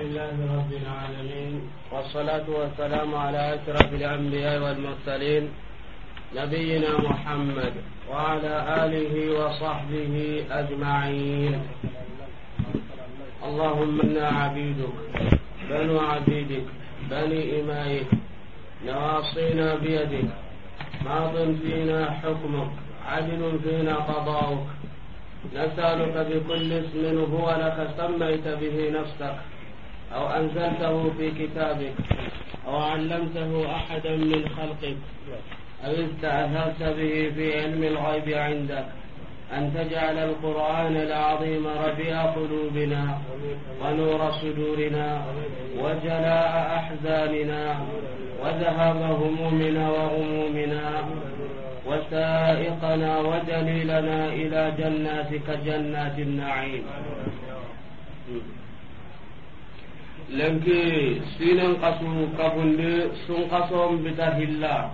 الحمد لله رب العالمين والصلاة والسلام على أشرف الأنبياء والمرسلين نبينا محمد وعلى آله وصحبه أجمعين اللهم إنا عبيدك بنو عبيدك بني إمائك نواصينا بيدك ماض فينا حكمك عدل فينا قضاؤك نسألك بكل اسم هو لك سميت به نفسك أو أنزلته في كتابك أو علمته أحدا من خلقك أو استأثرت به في علم الغيب عندك أن تجعل القرآن العظيم ربيع قلوبنا ونور صدورنا وجلاء أحزاننا وذهاب همومنا وغمومنا وسائقنا ودليلنا إلى جناتك جنات النعيم lenki sinen kasu kabundi sun kaso bita hilla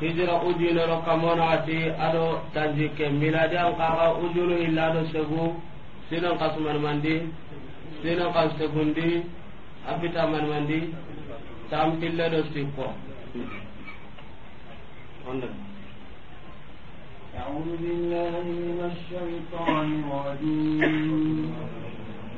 hijira ujunero kamonati ado tanjike miladi an kaka ujunu hilla ado segu sinen kasu manmandi sinen kasu segundi abita manmandi sikko أعوذ بالله من الشيطان الرجيم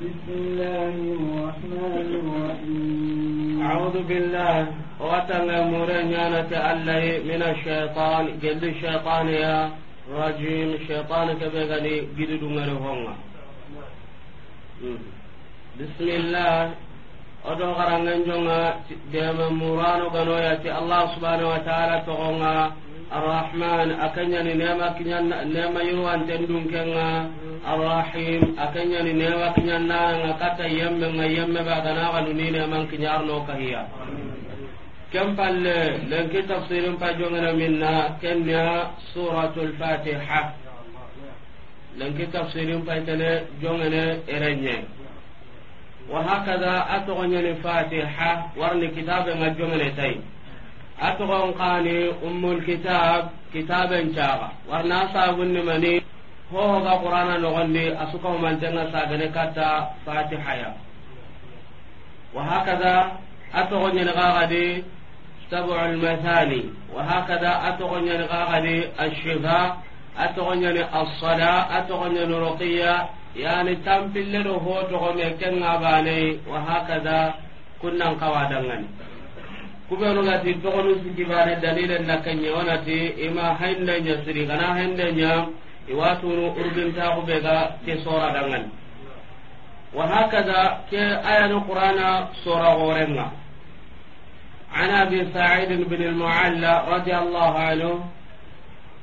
بسم الله الرحمن الرحيم أعوذ بالله واتن مرنانة الله من الشيطان جلد الشيطان يا رجيم الشيطان كبغني جلد مرهوما بسم الله odo garangenjonga dema murano ganoyati allah subhanahu wa ta'ala togonga arrahman akanyani nema kinyanna nema yirwan tendun kenga arrahim akanyani nema kinyanna nga kata yemme nga yemme ba gana ga dunine man kinyarno kahiya كم قال لنك تفسير فاجونا منا كنا سورة الفاتحة لنك تفسير فاجونا جونا إرنيا وهكذا أتغنى الفاتحة ورن كتاب ما جونا تين atogon kani ummul kitab kitaben caga warna sagunni mani hohoga qur'ana nogondi asuka humantenga sagane katta fatihaya wahakada atogonñeni gagadi sabu lmathani wahakada atogonñeni gagadi ashifa atogonñeni assala atogonñeni roqiya yani tampille ɗo ho togome kenga bane wahakada kunnan kawadangani kubenugati togonu bare dalile na nakanye wonati ima nya siri kana gana haindenya iwatunu urbintaxubega ke sora dangan wa dangani وهكذا كآية قرآن سورة غورنا عن أبي سعيد بن المعلى رضي الله عنه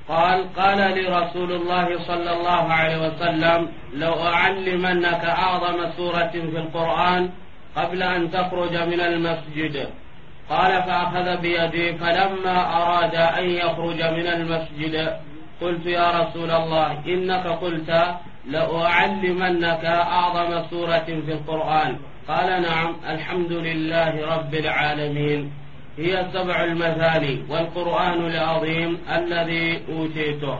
قال قال لي رسول الله صلى الله عليه وسلم لو أعلمنك أعظم سورة في القرآن قبل أن تخرج من المسجد قال فأخذ بيدي فلما أراد أن يخرج من المسجد قلت يا رسول الله إنك قلت لأعلمنك أعظم سورة في القرآن قال نعم الحمد لله رب العالمين هي سبع المثاني والقرآن العظيم الذي أوتيته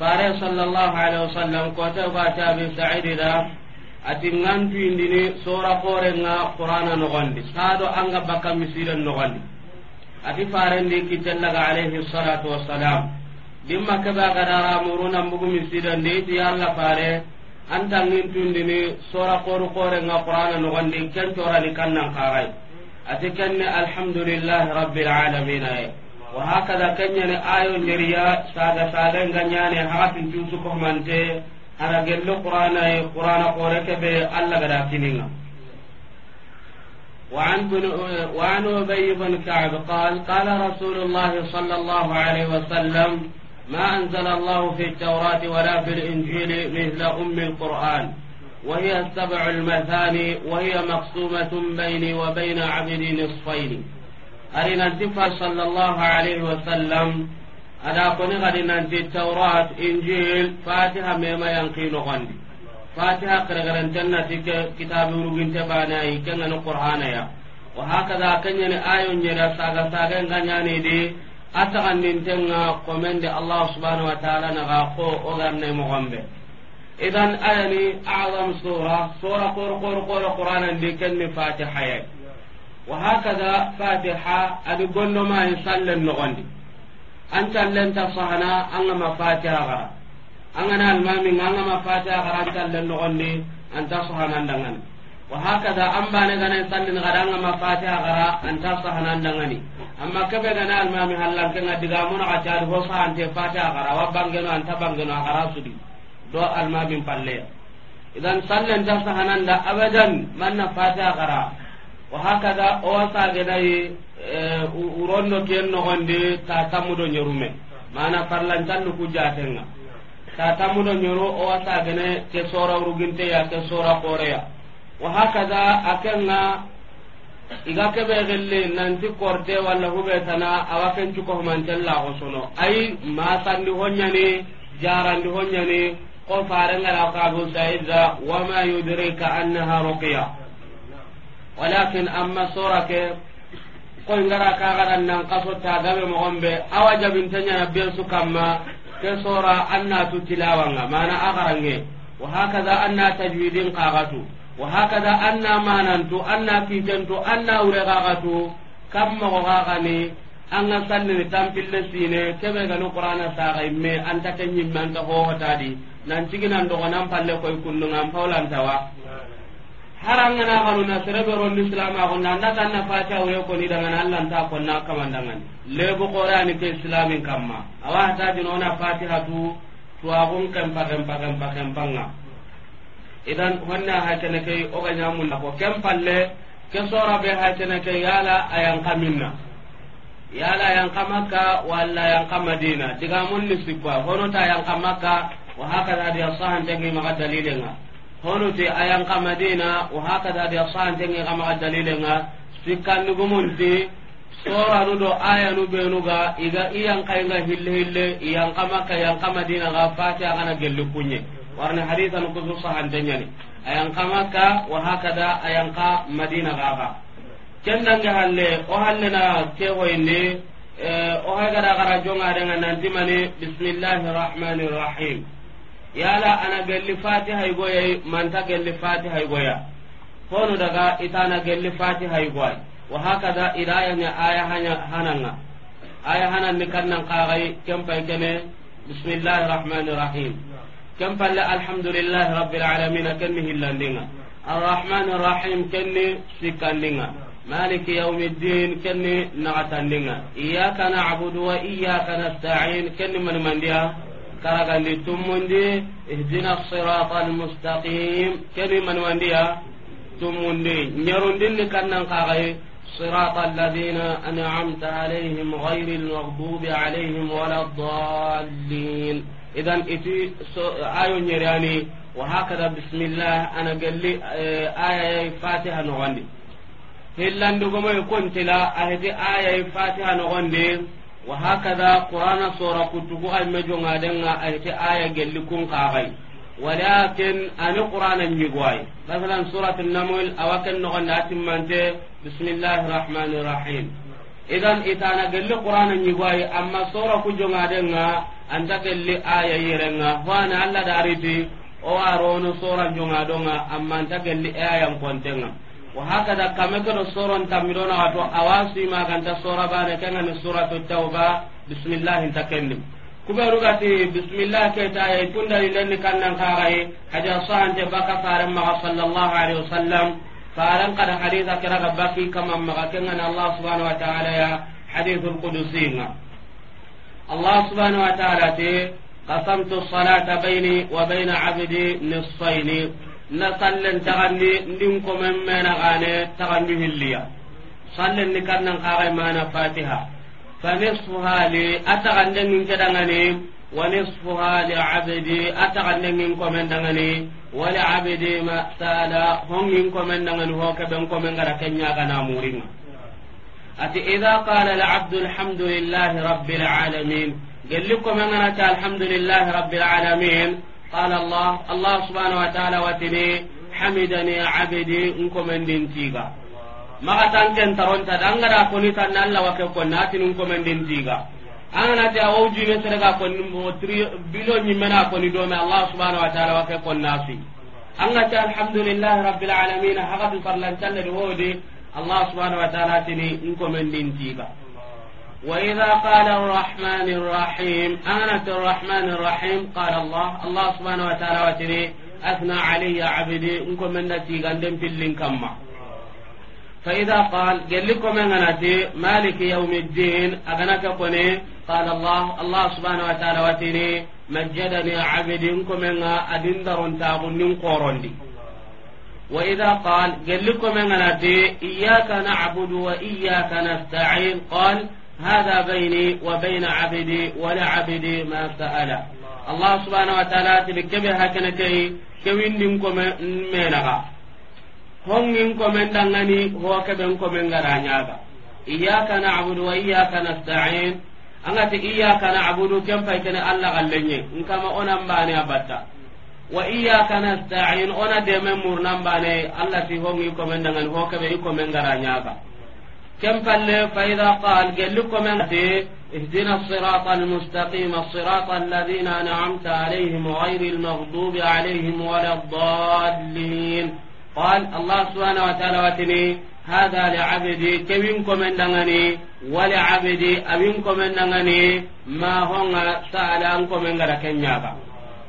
فاري صلى الله عليه وسلم كتب تابي سعيد ati ngantuyindini sora kore korenga qur'ana nogondi sado anga bakka misiren nogondi ati farendi kittellaga alayhi salatu wassalam dimma keba gadara muruna mbugu misirendi iti yalla fare anta ngintuyindini sora kore koru korenga qur'ana nogondi ni kannan karay ati kenne alhamdulillahi rabbil alamin ay e. wa hakada kenyane ayo njeriya saga saga nganyane hakatin tusukohmante ada gello qur'ana qur'ana qore ke be alla gada tininga وعن بن وعن ابي بن كعب قال قال رسول الله صلى الله عليه وسلم ما انزل الله في التوراه ولا في الانجيل مثل ام القران وهي السبع المثاني وهي مقسومه بيني وبين عبدي نصفين أرنا الدفع صلى الله عليه وسلم ada koni gadi nanti taurat injil fatiha mema yanki nogondi fatiha keregerentennati ke kitabe uruginte banayi kengani qur'anaya wa hakaza kenyani ayo nyera saga saga nganyanidi ataxandintenga komende allah subhanau wa taala naga ko ogarne mogonɓe idan ayani azam sura sura kor kor kor qur'anandi kenni fatihaya wa hakaza fatiha adi gollomayi sallen nogondi an tallen ta sahana an ga mafati agara an ga na almami an ga mafati agara an tallen nogondi an ta sahana dangani wa hakada an bane gana sallin gara an ga mafati agara an ta sahana dangani amma kabe gana almami hallan kan ga diga mun ga ta ho sa an te fati agara wa bangeno an ta bangeno agara sudi do almami palle idan sallen ta sahana da abadan man na fati agara وهكذا أوساجناي urondo ken nogondi tatamudo ñorume mana parlancandu ku jatenga tatamudo ñoru owa sagene ke sora uruginteya ke sora koreya wahakada akenga iga keɓe xelle nanti korte walla huɓetana awa ken cukohumantellaxo sono ayi masandi hoñani jarandi hoñani ko farengara kabu saida wama yudrika annaha roqiya walakin amma ke koy ngara kagaran nan kaso ta tagaɓe mogonɓe awa jabintañana be su kamma ke sora annatu tilawanga mana nge wa hakaza anna tajwidin kagatu wa hakaza anna manantu anna kitentu anna ure kagatu kam mogo kagani anga sallini tampille sine keɓe gani qur'ana ga imme anta ke ñimme anta di nan nan dogo nan palle koy nan paulan tawa. na na haruna serebe rondi silama gonna anda tanna fata wure koni dangana allah nta konna le bu qur'an ke islamin kamma awa hataji nona fatihatu kan pagam pagam pagam kempanga idan ha tan ke nyamun na ko palle ke sora be tan ke yala ayan minna yala wala ayan kamadina diga mun ni sikwa hono ta ayan kamaka wa hakada hadiya sahantengimaka dalilenga honuti ayan ka madina wa hakada bi asante kama dalilenga sikkan nugumunti soranu do ayanu benuga iga iyan kainga hille hille iyan kama ka iyan kama dina ga fati agana gelu kunye warna haditha no kuzu sahantenya ni ka wa hakada ayan ka madina ga ga kendanga halle o halle na ke hoyne eh, o hagara gara jonga denga nantimani bismillahir yala ana gelli fatiha igoya manta gelli fatiha igoya hono daga itana gelli fatiha igoya wa hakaza idayanya aya hanya hananga aya hanan ni kannan qagai kempa kene bismillahir rahmanir rahim kempa la alhamdulillahi rabbil alamin kenni hillandinga arrahmanir rahim kenni sikandinga مالك يوم الدين كني نغتندنا إياك نعبد وإياك نستعين كني من من ديها تموندي اهدنا الصراط المستقيم كلمة keni تموندي نيروندي اللي كان ننقاغي صراط الذين أنعمت عليهم غير المغضوب عليهم ولا الضالين إذا إتي آية نيراني وهكذا بسم الله أنا قال لي آية فاتحة نغني هل لندقم يكون تلا أهدي آية فاتحة نغني wa hakada qur'ana sura kutugu ay mejo ngadenga ay aya gelli kun qaay walakin an qur'ana nyigwai masalan surat an-naml awakan nogonda timmante bismillahir rahmanir rahim idan itana gelli qur'ana nyigwai amma sura kujo ngadenga anta gelli aya yirenga wana alla dariti o arono sura jongadonga amma anta gelli aya kontenga wa da kame da soron tammidona wato awa suimaganta sora bane kengani suratu tauba bisimillahi nta kendim kuberugati bismillah ketaye kundalilenni kannan kagaye haja soante baka faren maga sallallahu alaihi wasallam faren kada hadisa kiraga baki kaman maga kengani allah subhanahu wa taala ya hadithul qudusinga allah subhanahu wa taala te qasamtu salata baini wa baina abdi nisfaini na sallen tagandi ndin komen mena gane tagandi hilliya sallen ni kannan kaga mana fatiha fa nisfuha li atagande ngin kedangani wa nisfuha li abdi atagande dangani wa li abdi ma sala dangani ho ben gara kenya kana ati idha qala al abdu alhamdulillahi rabbil alamin gelli ta alhamdulillahi rabbil alamin قال الله الله سبحانه وتعالى وتني حمدني عبدي انكم من دنتيغا ما تانكن ترون تدان كوني تان الله وككون ناتن انكم من دنتيغا allah subhanau alhamdulillahi rabbil alamin hagatu farlancalledi hoodi allah وإذا قال الرحمن الرحيم أنت الرحمن الرحيم قال الله الله سبحانه وتعالى وتري أثنى علي عبدي انكم من نتي قندم في كما فإذا قال قل لكم أنتي مالك يوم الدين أغنك قني قال الله الله سبحانه وتعالى وتري مجدني عبدي انكم أدين درون تاغنين قورندي وإذا قال قل لكم أنتي إياك نعبد وإياك نستعين قال هذا بيني وبين عبدي ولعبدي ما سأله allah subhanahu wa ta'ala tini kebe hakene kei kewindin kome menaga hongin kome dangani ho kebe kome ngara nyaga iyyaka na'budu wa iyyaka nasta'in angati iyyaka na'budu kem fay kene allah gallenye nkama onan bane abatta wa iyyaka nasta'in ona deme murnan bane allah ti hongi kome dangani كم فل فإذا قال قال لكم أنت اهدنا الصراط المستقيم الصراط الذين أنعمت عليهم غير المغضوب عليهم ولا الضالين قال الله سبحانه وتعالى واتني هذا لعبدي كوينكم أنني ولعبدي أبينكم أنني ما هم سألانكم اندغني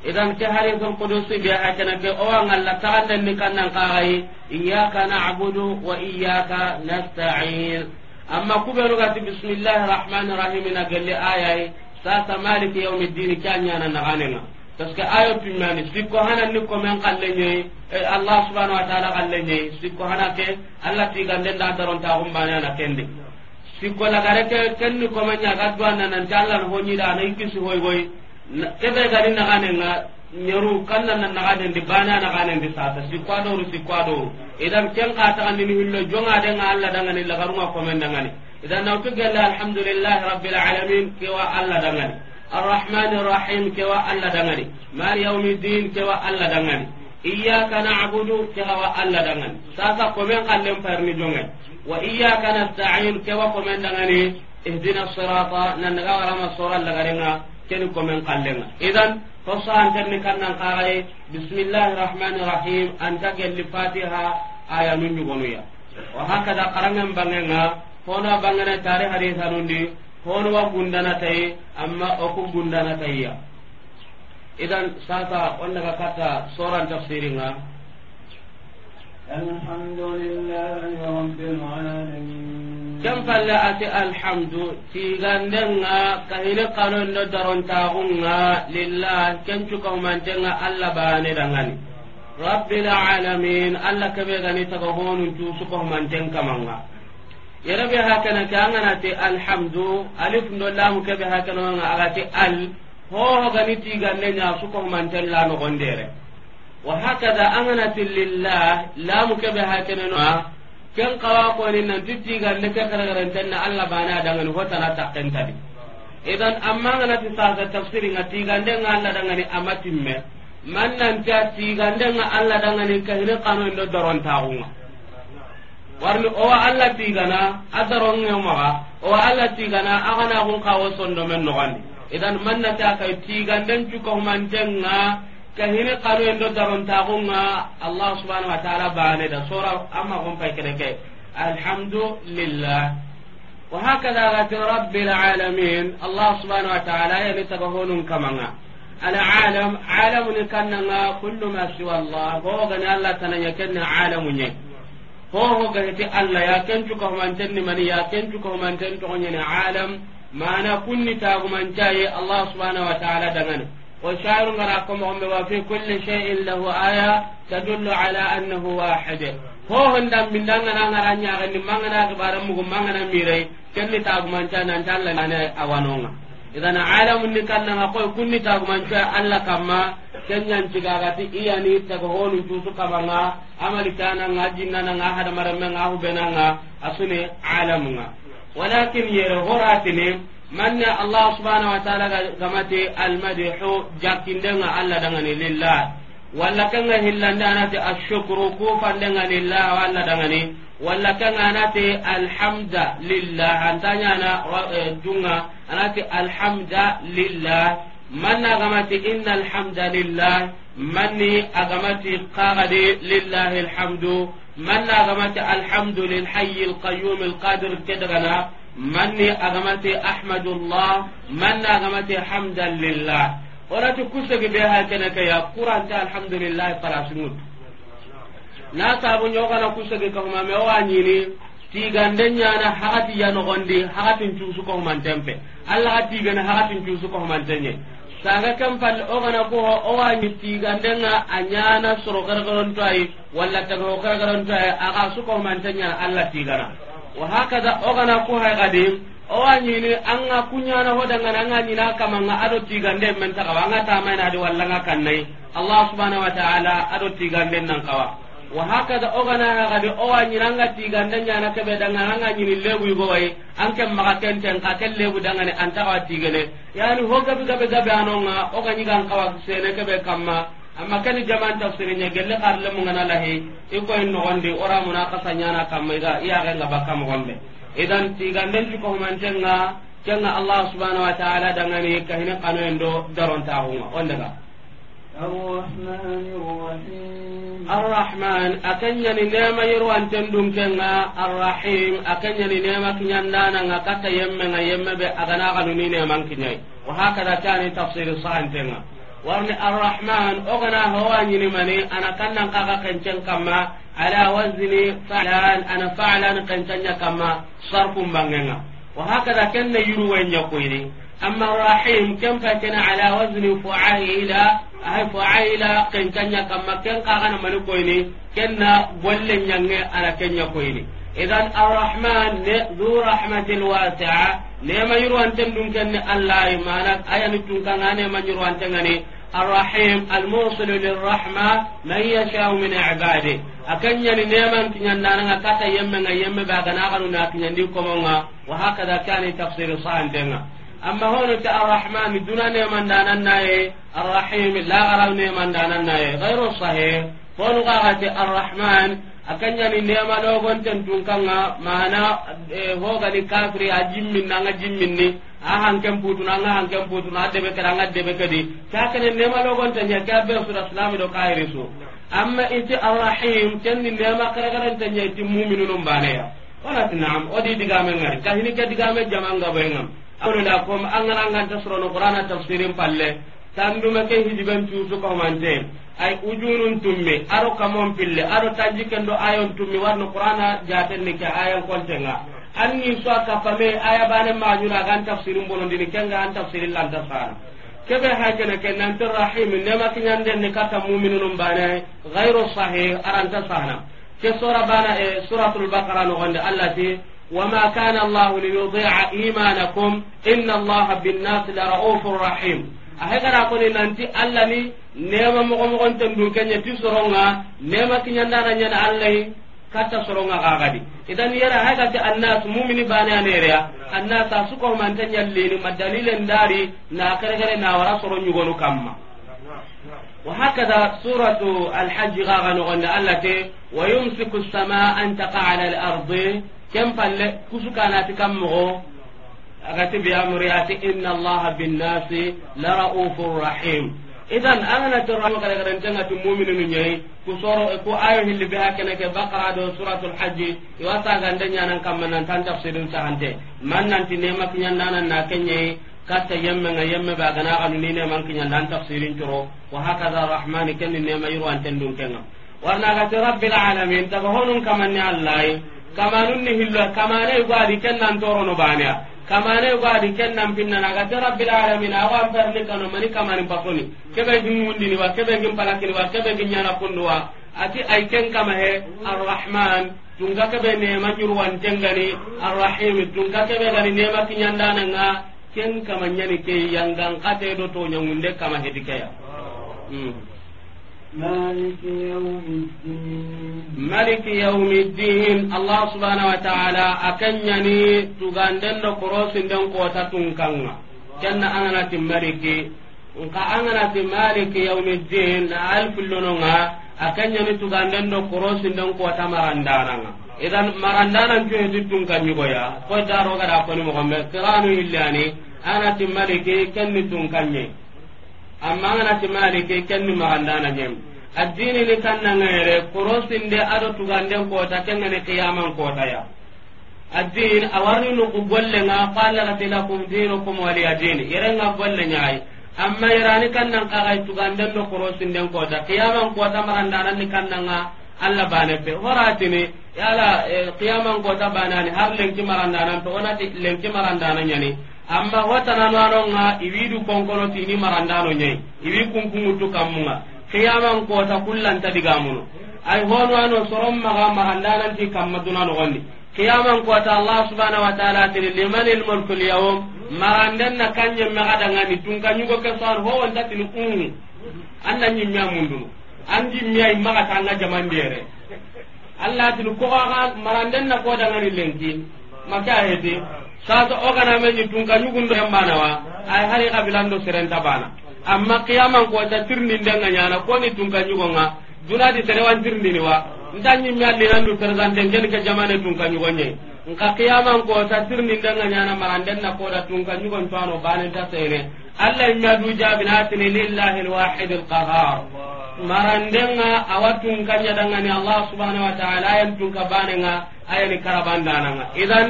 idan ke hadisul qudusi be hakana ke o an Allah ta'ala ni kannan qarai iyyaka na'budu wa iyyaka nasta'in amma bismillahir rahmanir rahim na galle ayai sasa maliki yawmiddin kanya na naganena parce ayo pimmani sikko hana ni ko men e Allah subhanahu wa ta'ala sikko Allah ti da daron ta na kende sikko la gare ke ko men nya gadwa nan da na ikisi hoy hoy kebe gari nagane nga nyaru kanna na nagane ndi bana nagane ndi sata si kwado ru si kwado idan ken ka ta ni hillo jonga de nga alla danga ni lagaru ma komen danga ni idan na tuga la alhamdulillah rabbil alamin ke wa alla danga ni arrahman arrahim ke wa alla danga ni mal yawmiddin ke wa alla danga ni iyyaka na'budu ke wa alla danga ni sasa komen kallen parni jonga wa iyyaka nasta'in ke wa komen danga ni ihdina sirata nan daga warama sura lagarenga keni komen kallenga idan fossa antanni kannan karaye bismillahi rahmani rahim anta gelli fatiha aya nu ñugonuya wa hakada karangen bangenga hona bangene tari hadisanundi honuwa gundanatayi amma oku gundanatayiya idan sasa on daga katta soran tafsiringa الحمد لله رب العالمين ken palle ati alhamdu tigandenga kahine kanonno darontaxunga lillah ken cukahumantenga allah bane dangani rabbil alamin allah keɓe gani taga honuncu sukahumanten kamanga yerebe hakana ke anganati alhamdu alif ndo lamu keɓe hakananga agati al hoho gani tigande ña sukahumanten la nogondere wa hakada anganati lillah lamu keɓe hakenenoa ken kawa koni nanti ne ke tan allah bane ta hotana takkentadi idan amma nganati ga tafsiri nga tigande nga allah ngani ama me man nan nanti a tigande nga allah dangani kahine kanoindo dorontaxunga warni o allah ne a ga o allah tigana axanaxun kawo no noxondi idan man nati a kay tiganden na. kahini kanu endo darontaxunga allah subhanau wa taala bane da sura amma gonpay kereke alhamdulillah wa hakada gati rabbil alamin allah subhanau wa taala yani taga honun kamanga alalam ni kannanga kullu ma siwa allah hogani allah tananya kenne alamunye hoho gahiti allah ya kencuka homantenni mani ya kencuka homanten togoñene alam mana kunni tagumancaye allah subhanau wa taala dangane. وشاعر مراكم هم وفي كل شيء له آية تدل على أنه واحد هو هندم من دعنا دانا نغرانيا غني مانغنا غبارم مغم مانغنا ميري كني تاغمان كان أنت الله أنا أوانونا إذا عالم اللي كان نقول كني تاغمان كان الله كما kenyan cigagati iyani taga honu cusu kabanga amali kana nga jinnana nga hada marame nga hubena nga asune alamu nga walakin yere horatini manna allah subhanahu wa ta'ala gamate almadhu jakindenga alla dangani lillah walla kanga hillande anate ashukru kufandengani lillah wa alla dangani walla kanga anate manna gamate inna alhamda lillah manni agamati kagade lillahi alhamdu manna agamati alhamdu lilhayyi alqayyum man agamate ahmadullah manna agamate hamdan lillah onati kusegi be ha keneke ya kurante na sabu ñogana kusegi kahumame owa ñini a ñana allah tigana wa hakaza ogana ku haygadi owa ñini anga kuñana hodangani anga ñina kamanga aɗo tigande men tagawa anga tamaynadi walla nga kannayi allah subhanau wa taala aɗo tiganden nan kawa wa ogana haygadi owa ñini anga tigande ñana keɓe dangani anga ñini leguygowayi an ken maga kenten ka ken lebu dangane an tagawa tigene yani ho gabi gabe gabe anonga oga ñigan kawa sene keɓe kama. amma kani jaman tafsiri nya gelle karle mun ngana lahe iko en nogonde ora muna kasanya na kamma iga iya ga ngaba kam gonde idan tiganden ko man jenga jenga allah subhanahu wa ta'ala dangane kahina kanu endo daron ta hunga onda ga الرحمن الرحيم الرحمن أكنيا نيما يروان تندم كنا الرحيم أكنيا نيما كنيا نانا كتا يمنا يمنا بأغناغا نيما كنيا وهكذا كان تفسير الصحن تنغا warni arrahman ogana hawanyini mani ana kannan kaka kencen kamma ala wazni fa'lan ana fa'lan kencenya kamma sarfun bangenga wa hakada kenne yuru wenya koyni amma rahim ken fatena ala wazni fu'aila ay fu'aila kencenya kamma ken kaka na mani koyni kenna golle nyange ana kenya koyni إذا الرحمن ذو رحمة واسعة wasi'a نعم ne أن تندم dun الله أي mana ayani tun أنا ما يرو أن ne نعم الرحيم الموصل للرحمة من يشاء من عباده أكن يعني نعم أن يندانا كتا يمنا يم أن قالوا كن ينديكم وهكذا كان تفسير دنا أما هون الرحمن دون نعما دانا الرحيم لا غرا نعما دانا غير صحيح فوق الرحمن akanyani nema dogon tentun kanga mana eh, hogani kafiri a jimmin na nga jimmin ni a hanken putu na nga hanken putu na debe kada nga debe kadi kakene nema dogon tanya ka be sura islam do kairi so amma inti arrahim kenni nema kare kare tanya ti mu'minun bane ya wala tinam odi digame ngari kahini ke digame jamanga bayngam awlo da kom angana nganta sura no qur'ana tafsirin palle tandume ke hidiben tutu ko mante ay ujunun tumme aro kamon pille aro tajiken do ayon tumme warno qur'ana jatenni ayon koltenga an ni so ka kapame aya bane ma majuna gan bolon dini kenga an tafsirin lanta sana kebe hakene ke nanti rahim ne ma nema den ne kata mu'minun bane ghairu sahih aran ta sahna ke sura bana e suratul baqara no gonde allah allati وما كان الله ليضيع إيمانكم إن الله بالناس لرؤوف رحيم ahegara koni nanti allah ni nema mogomogonten du kenya ti soronga nema kiñandana ñana allahi katta soronga kagadi idan yera hagati annas mumini bane anereya annas a sukohomante ñallini ma dalilen dari na kerekere na wara soro ñugonu kamma وهكذا سورة الحج غاغا نغنى التي ويمسك السماء أن تقع على الأرض كم فل كسكانات كم مغو agati bi amri ati inna allaha bin nasi la raufur rahim idan angana to rahim kala kala tanga tu mu'minu nyai ku soro ku ayo hilli bi hakana ke baqara do suratul hajj wa ta ganda nyanan kamman tan tafsirin sahante man nan ti nema kinyan nanan na kenye katta yemme nga yamma ba gana kanu ni ne man kinyan nan tafsirin turo wa hakaza rahman ken ne ma yiro anten dun kenga warna ga rabbil alamin ta honun kamanni allah kamanun ni hillo kamane ko adi ken nan toro no baniya kamane ko ken nan pinna na ga rabbil alamin awa perli kanu mani kamane bakoni kebe gin mundi ni wa kebe gin palakini wa kebe gin nyana kundu wa ati ay ken kama arrahman tunga kebe ne ma wan tengani arrahim tunga kebe gani ne ma kinyandana nga ken kama nyani ke yangang kate do to nyangunde kama hedikaya mm مالك يوم الدين مالك يوم الدين الله سبحانه وتعالى أكنني تغندن قروس دن قوتا تنكنا كنا أنا مالك nka anganati maliki yaumiddin na alfillononga akanñani tuganden do korosinden kota marandananga idan marandanancuheti tunkanñigoya koy darogada koni mogonɓe kiranu hillani anati maliki kenni tunkanñe amma ngana ti malike kenni magandana nyem addini ni kan kanna ngere korosinde ado tugande kota kengene kiyaman kota ya addin awarni nu ku golle nga qala la tilakum dinukum wali adini yere nga golle nyaay amma yarani kanna kagai tugande do korosinde kota kiyaman kota na ni kanna nga alla bane be ni yala eh, kiyaman kota banani har ki lenki marandana to onati maranda marandana nyani amma hotananoanonga iwidu konkonotini marandano ñayi iwi kunkunŋuttu kammunga kiyaman kota kullanta digamuno ay honu ano soron maga marandananti kamma duna nogondi kiyaman kota allah subhanahu wa taala tiri limani lmulku lyawm maranden na kanye maga dangani tunka nyugo kesoan howontatini ungu anna ñimmea mundunu an jimmea maga tanga jamandiyere allah tini koxaxa maranden na kodangani lenki maka heti sasa ogana me ni tunka kanyu gundo yamba na wa ay hari kabilando serenta bana amma qiyamang ko ta tirni ndanga nyana ko ni tun kanyu nga duna di tere wan tirni ni wa ndanyi myalli nandu terzante ngel ke jamane tun kanyu gonye nka qiyamang ko ta tirni ndanga nyana maranden na ko da tunka kanyu gon tano bana ta tere alla nyadu jabinatini lillahi alwahid alqahar marande nga awatun kanya dangani allah subhanahu wa ta'ala yan tun nga banenga karabanda karabandananga idan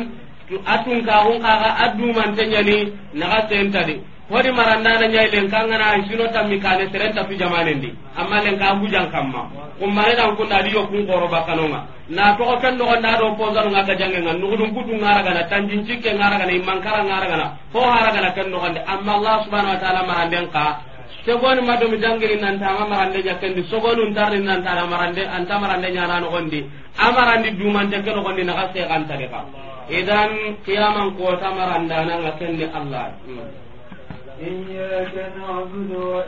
atun ka hun ka ga adu man tanyani naga senta di hodi maranda na nyai len kanga na sino tammi kane serenta tu jamanen di amma len ka gujan kamma kum mare dan kun dadi yo kun goro bakanonga na to ko ken no na do ko zaru ngaka jange ngan nu dum kutu ngara gana tanjin cikke ngara gana imman kara ngara gana ho hara gana ken no gande amma allah subhanahu wa taala ma handen ka segoni madomi jangiri nanta ama marande jakkendi sogonu ntarri nanta ana marande anta marande ñananogondi amarandi dumante ke nogondi naxa seexantage ka idan kiyaman ko ta maranda nan a kan ni na'budu wa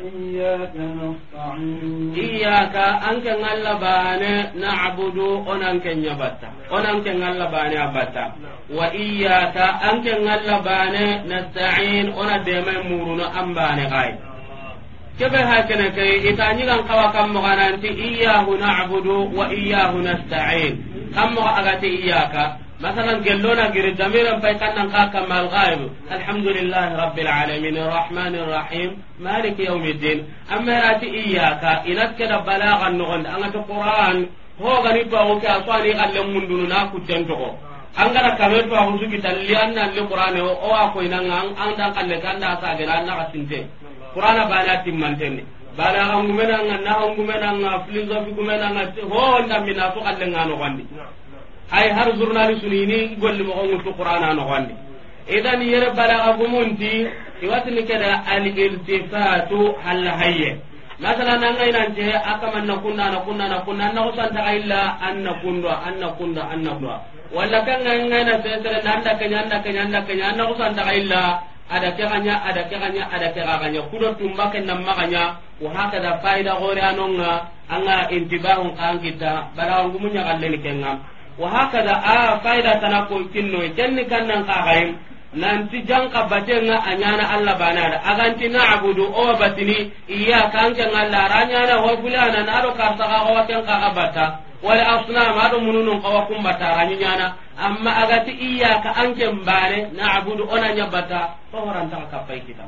iyyaka an kan Allah bane na'budu onan onan kan Allah bane abata wa an kan bane nasta'in ona de muruna an bane kai kebe ha kana kai itani kan kawa kan magaranti iyyahu na'budu wa iyyahu nasta'in kan mu agate iyyaka مثلا قلونا قري ضميرا فيقنا قاك مع الغائب الحمد لله رب العالمين الرحمن الرحيم مالك يوم الدين أما راتي إياك إنك كده بلاغا نغند أنا القرآن هو غريب وكي أصاني قال من دوننا كتنتقو angara kame to ahu sugi talli anna li qur'ane o wa ko inanga an dan kalle kan da sa gara anna kasinte qur'ana bala timmantene bala angumena nga na angumena nga philosophy gumena nga ho nda mina to kalle ngano kwandi hay har journaliste ni ni golli mo ngutu qur'ana no wandi idan yere bala balaga gumunti ni kada al iltifatu hal hayya masalan nan ngai nan je akaman na kunna na kunna na kunna na usan ta illa an kunna an kunda kunna an anna kunna walla kan ngai ngai na sesere nan da kanya nan da kanya nan da kanya na usan ta illa ada keganya ada keganya ada keganya kudo tumbake nan maganya wa da faida gore anonga anga intibahun kan kita bala balaga gumunya kalleni kenga wa hakada a faida tana ko kinno kenni kannan ka hayin nanti janka batenga anyana allah banada aganti na abudu o batini iyyaka kan ngalla aranyana wa fulana naro karsaga wa ken ka abata wal asnam ado mununun bata ranya na amma agati kan anke mbare abudu ona nyabata to ta ka pai kita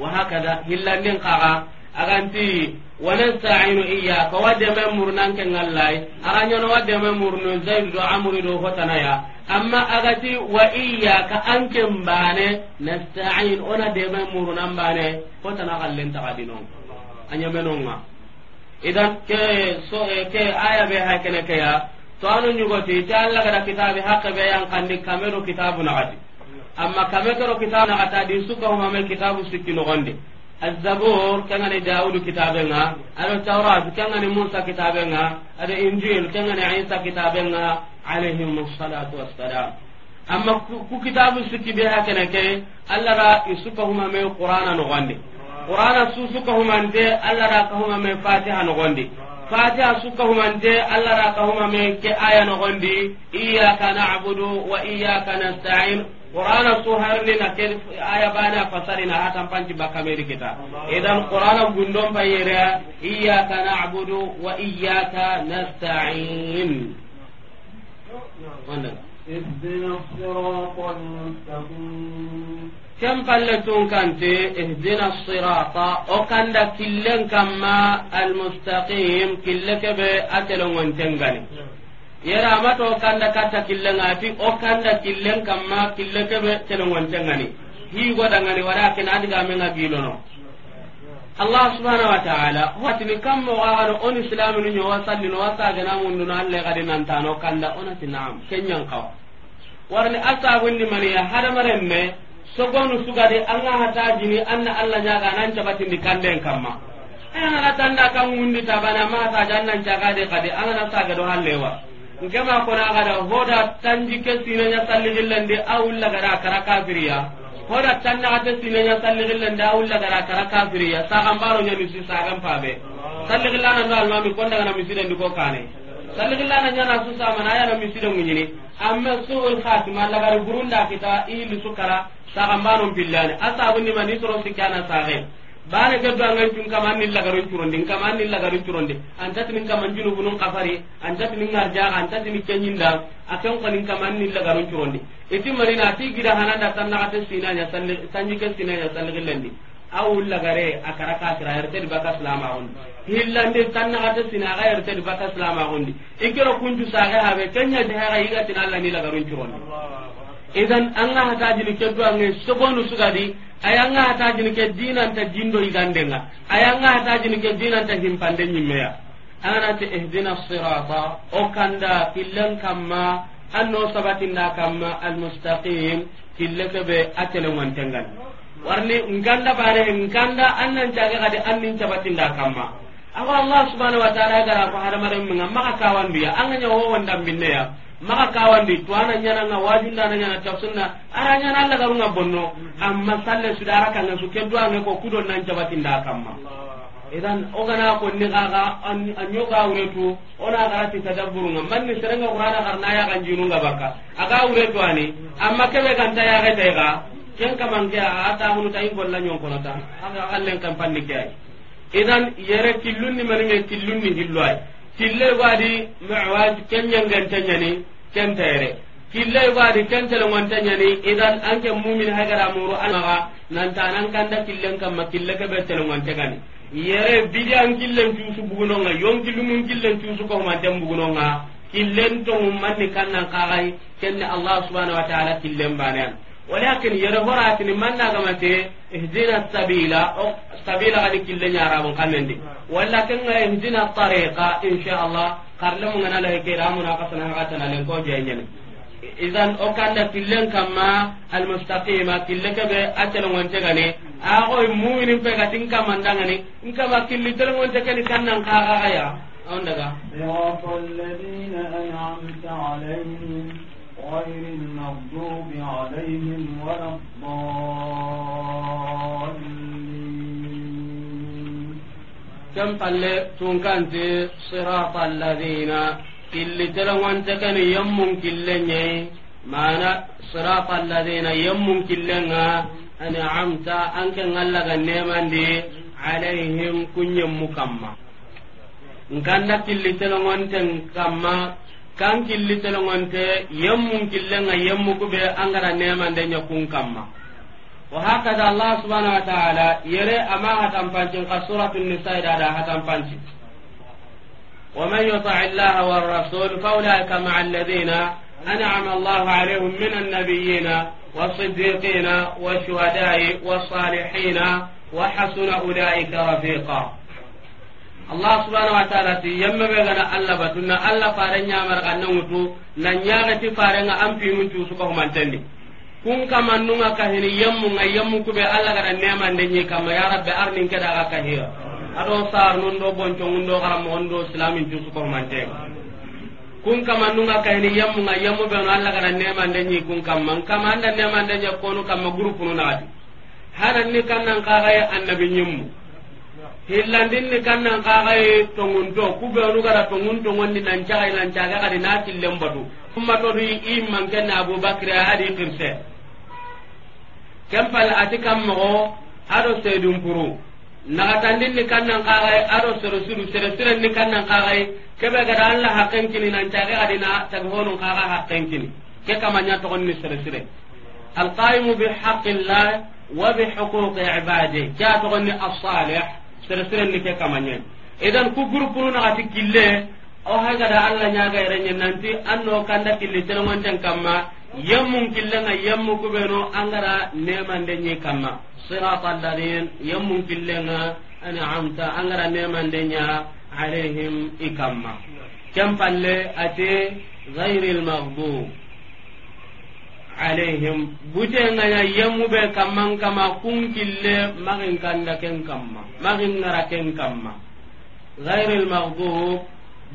wa hakada hillandin ka aganti wanasta'inu iyyaka wa deme murnan ken Allah aganyano wa deme murnu zaid do amri do hotana ya amma agati wa iya iyyaka anken bane nasta'in ona deme murnan bane hotana kallen takadino anya menonga idan ke so eh, ke aya be hakene ke ya to anu nyugoti ta Allah kada kitabe hakke be yang kandi kamero kitabu na gadi amma kamero kitabu na gata di suka huma me kitabu sikino gonde الزبور كان عن داود كتابنا على التوراة كان عن موسى كتابنا على إنجيل كان عن عيسى كتابنا عليهم الصلاة والسلام أما كو كتاب سكي بها كان كي ألا را يسكهما من القرآن نغندي قرآن سوسكهما أنت ألا را كهما من فاتحة نغندي فاتحة سكهما أنت ألا را كهما من كآية نغندي إياك نعبد وإياك نستعين qur'ana su harni na ken aya bana fasari na hatan panci bakameri kita idan qur'ana gundon bayira iyyaka na'budu wa iyyaka nasta'in wannan اهدنا الصراط المستقيم كم قلتون كانت اهدنا الصراط وكان كلن كما المستقيم كلك بأتلون وانتنغني yera amato o kanda katta killengati o kanda killen kamma kille keɓe telongontengani higodangani wara kene adigamenga gilono allah subhanahu wa taala watini kammoxaxano on islaminu ñowa sallino wa sagena munduno alle gadi tano kanda onati naam kenñankawa warni a sagundi ya hadamaren me sogonu sugadi anga jini anna allah ñaga anan cabatindi kanden kamma ana tanda kan wundi tabana ma ta hataji annan cagade kadi angana sagedo hallewa nkema kona gada hoda tanji ke sinenya salli hillandi awulla gada kara kafiriya hoda tannagate sinenya salli a awulla gada kara kafiriya sagambaro ñamisi sagan paɓe salli hillanando almami kondagana misidendi ko kane salli hillana ya na ayana miside ŋuñini amma suul khatima lagari burunda kita Sukara, kara sagambanon pillani Asabu, ni soro sikkana sagen bane ke bangan tun kaman ni lagarin turondi kaman ni lagarin turondi antat min kaman junu bunun kafari antat min ngarja antat min kenyinda akan kanin kaman ni lagarin turondi iti marina ti gida hanada tanna kata sinanya sanji ke sinanya salgillendi awu lagare akara kasira yarte di baka salama gondi hillande tanna kata sinaga yarte di baka salama gondi ikiro kunju saga habe kenya dehara iga tinalla ni lagarin turondi idan an ga hata jini ke duwa ne sabonu do ange ayan ga hata jini ke dinan ta jindo igande ayan ga hata jini ke dinan ta himpande ni meya ana ta ihdina sirata o kanda fillan kamma anno sabatin da kamma almustaqim be kebe wantengal warne nganda bare nganda annan jaga kade annin da kamma awa allah subhanahu wa ta'ala ga ko haramare mun amma ka kawan biya anganya ho wanda binne ya maka kawandi to ana nyana nga wajunda ana nyana tafsunna ara nyana Allah garunga bonno amma salle sudara kan su keddo an ko kudo nan jaba jabatinda kamma idan ogana ko ni gaga an yoga wuretu ona gara ti tadabburu ngam manni serenga qur'ana garna ya kan jinu nga baka aga wuretu ani amma kebe kan ta ya ga ta ga ken kamange ata hunu ta ingol la nyon kono ta aga allen kan panni kai idan yere killunni manenge killunni hilloy kille gwadi ken kenyangan tanyani kentere kille gwadi kentele ngon tanyani idan anke mu'min hagara muru anaga nanta nan kanda killen kamma kille ke betele ngon tegani yere bidan killen tusu bugunonga yon killumun killen tusu ko ma dem bugunonga killen to manni kannan kagai kenne allah subhanahu wa ta'ala killen banan ولكن يرهرات من نغمت اهدنا السبيل السبيل غادي كل نعرب قمندي ولكن اهدنا الطريق ان شاء الله قرلم من الله كرام ناقصنا غاتنا لنكو جينين اذا او كان تلن كما المستقيمه تلك به اجل وانت غني اهو مؤمن بغاتين كما ندغني ان كما كل تلن وانت كان كان غايا اوندغا يا الذين انعمت عليهم غير المغضوب عليهم ولا الضالين كم قال تنكنت صراط الذين اللي تلوان تكن يمم كلني معنى صراط الذين يمم كلنا أنعمت أنك نلغ النيمان دي عليهم كن يمم كما nkanda killi telongonten kamma kan killi telongonte yemmun killenga yemmu kube angara nemande nyakun kamma wa hakada allah subhanahu wa ta'ala yere ama hatan pancin ka suratul nisa da da hatan pancin wa man yuti allah war rasul fa ulaika ma alladhina an'ama allah alaihum min an-nabiyyina was-siddiqina wash-shuhada'i was-salihina wa hasuna ulaika rafiqa allah subhanahu wa ta'ala ti yamma be gana allah batunna allah fare nyamar kanna ngutu na nyaga ti fare nga ampi mun tu suka humantendi kun kama nunga kahini yammu nga yammu kube allah gara nema ndenye kama ya rabbi arni keda ga kahira ado sar nun do boncho nun do garam mon do islamin tu suka humante kun kama nunga kahini yammu nga yammu be allah gara nema ndenye kun kama kama anda nema ndenye konu kama grupu nunadi hanan ni kannan kaga annabi nyimmu hillandin ni kan nan kaga e tongun to ku be onu gara tongun to ngonni nan caga nan caga kadi na badu kuma to ri Abu hadi mo ado puru ni kan nan kaga e ado suru ni kan nan kaga e gara Allah hakken kini nan kadi na kaga hakken kini ke kamanya to seresiren ni ke kamanye idan ku groupe nu naxati kille o hagada allah ñaga yerenye nanti anno kanda kille telongonten kamma yemmun yammu ku kubeno angara nemande ñi kamma yammu alladin yemmun ani amta angara nemande ña alayhim i kamma ken palle ate gayri lmagdub alaihim butenganya yemube kamman kama kunkille magin kanda ken kamma magin ngara ken kamma ghairil maghdub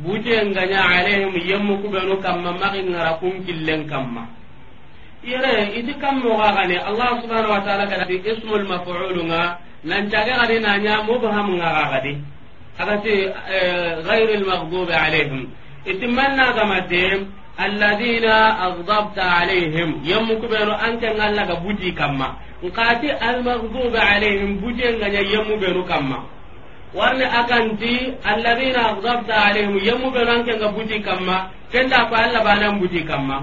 butenganya alaihim yemmu kubenu kamma magin ngara kunkillen kamma ire iti kammo gagane allah subhanahu wa ta'ala kada ismul maf'ulunga nan caga gadi nanya mubham ngaga gadi agati eh, ghairil maghdub alaihim itimanna gamate alladina aghdabta alaihim yammu kubenu anke ngalla ga buti kamma nkati almaghdubi alaihim buje nganya yammu benu kamma warne akanti alladina aghdabta alaihim yammu an anke ga buti kamma kenda ko alla banan buti kamma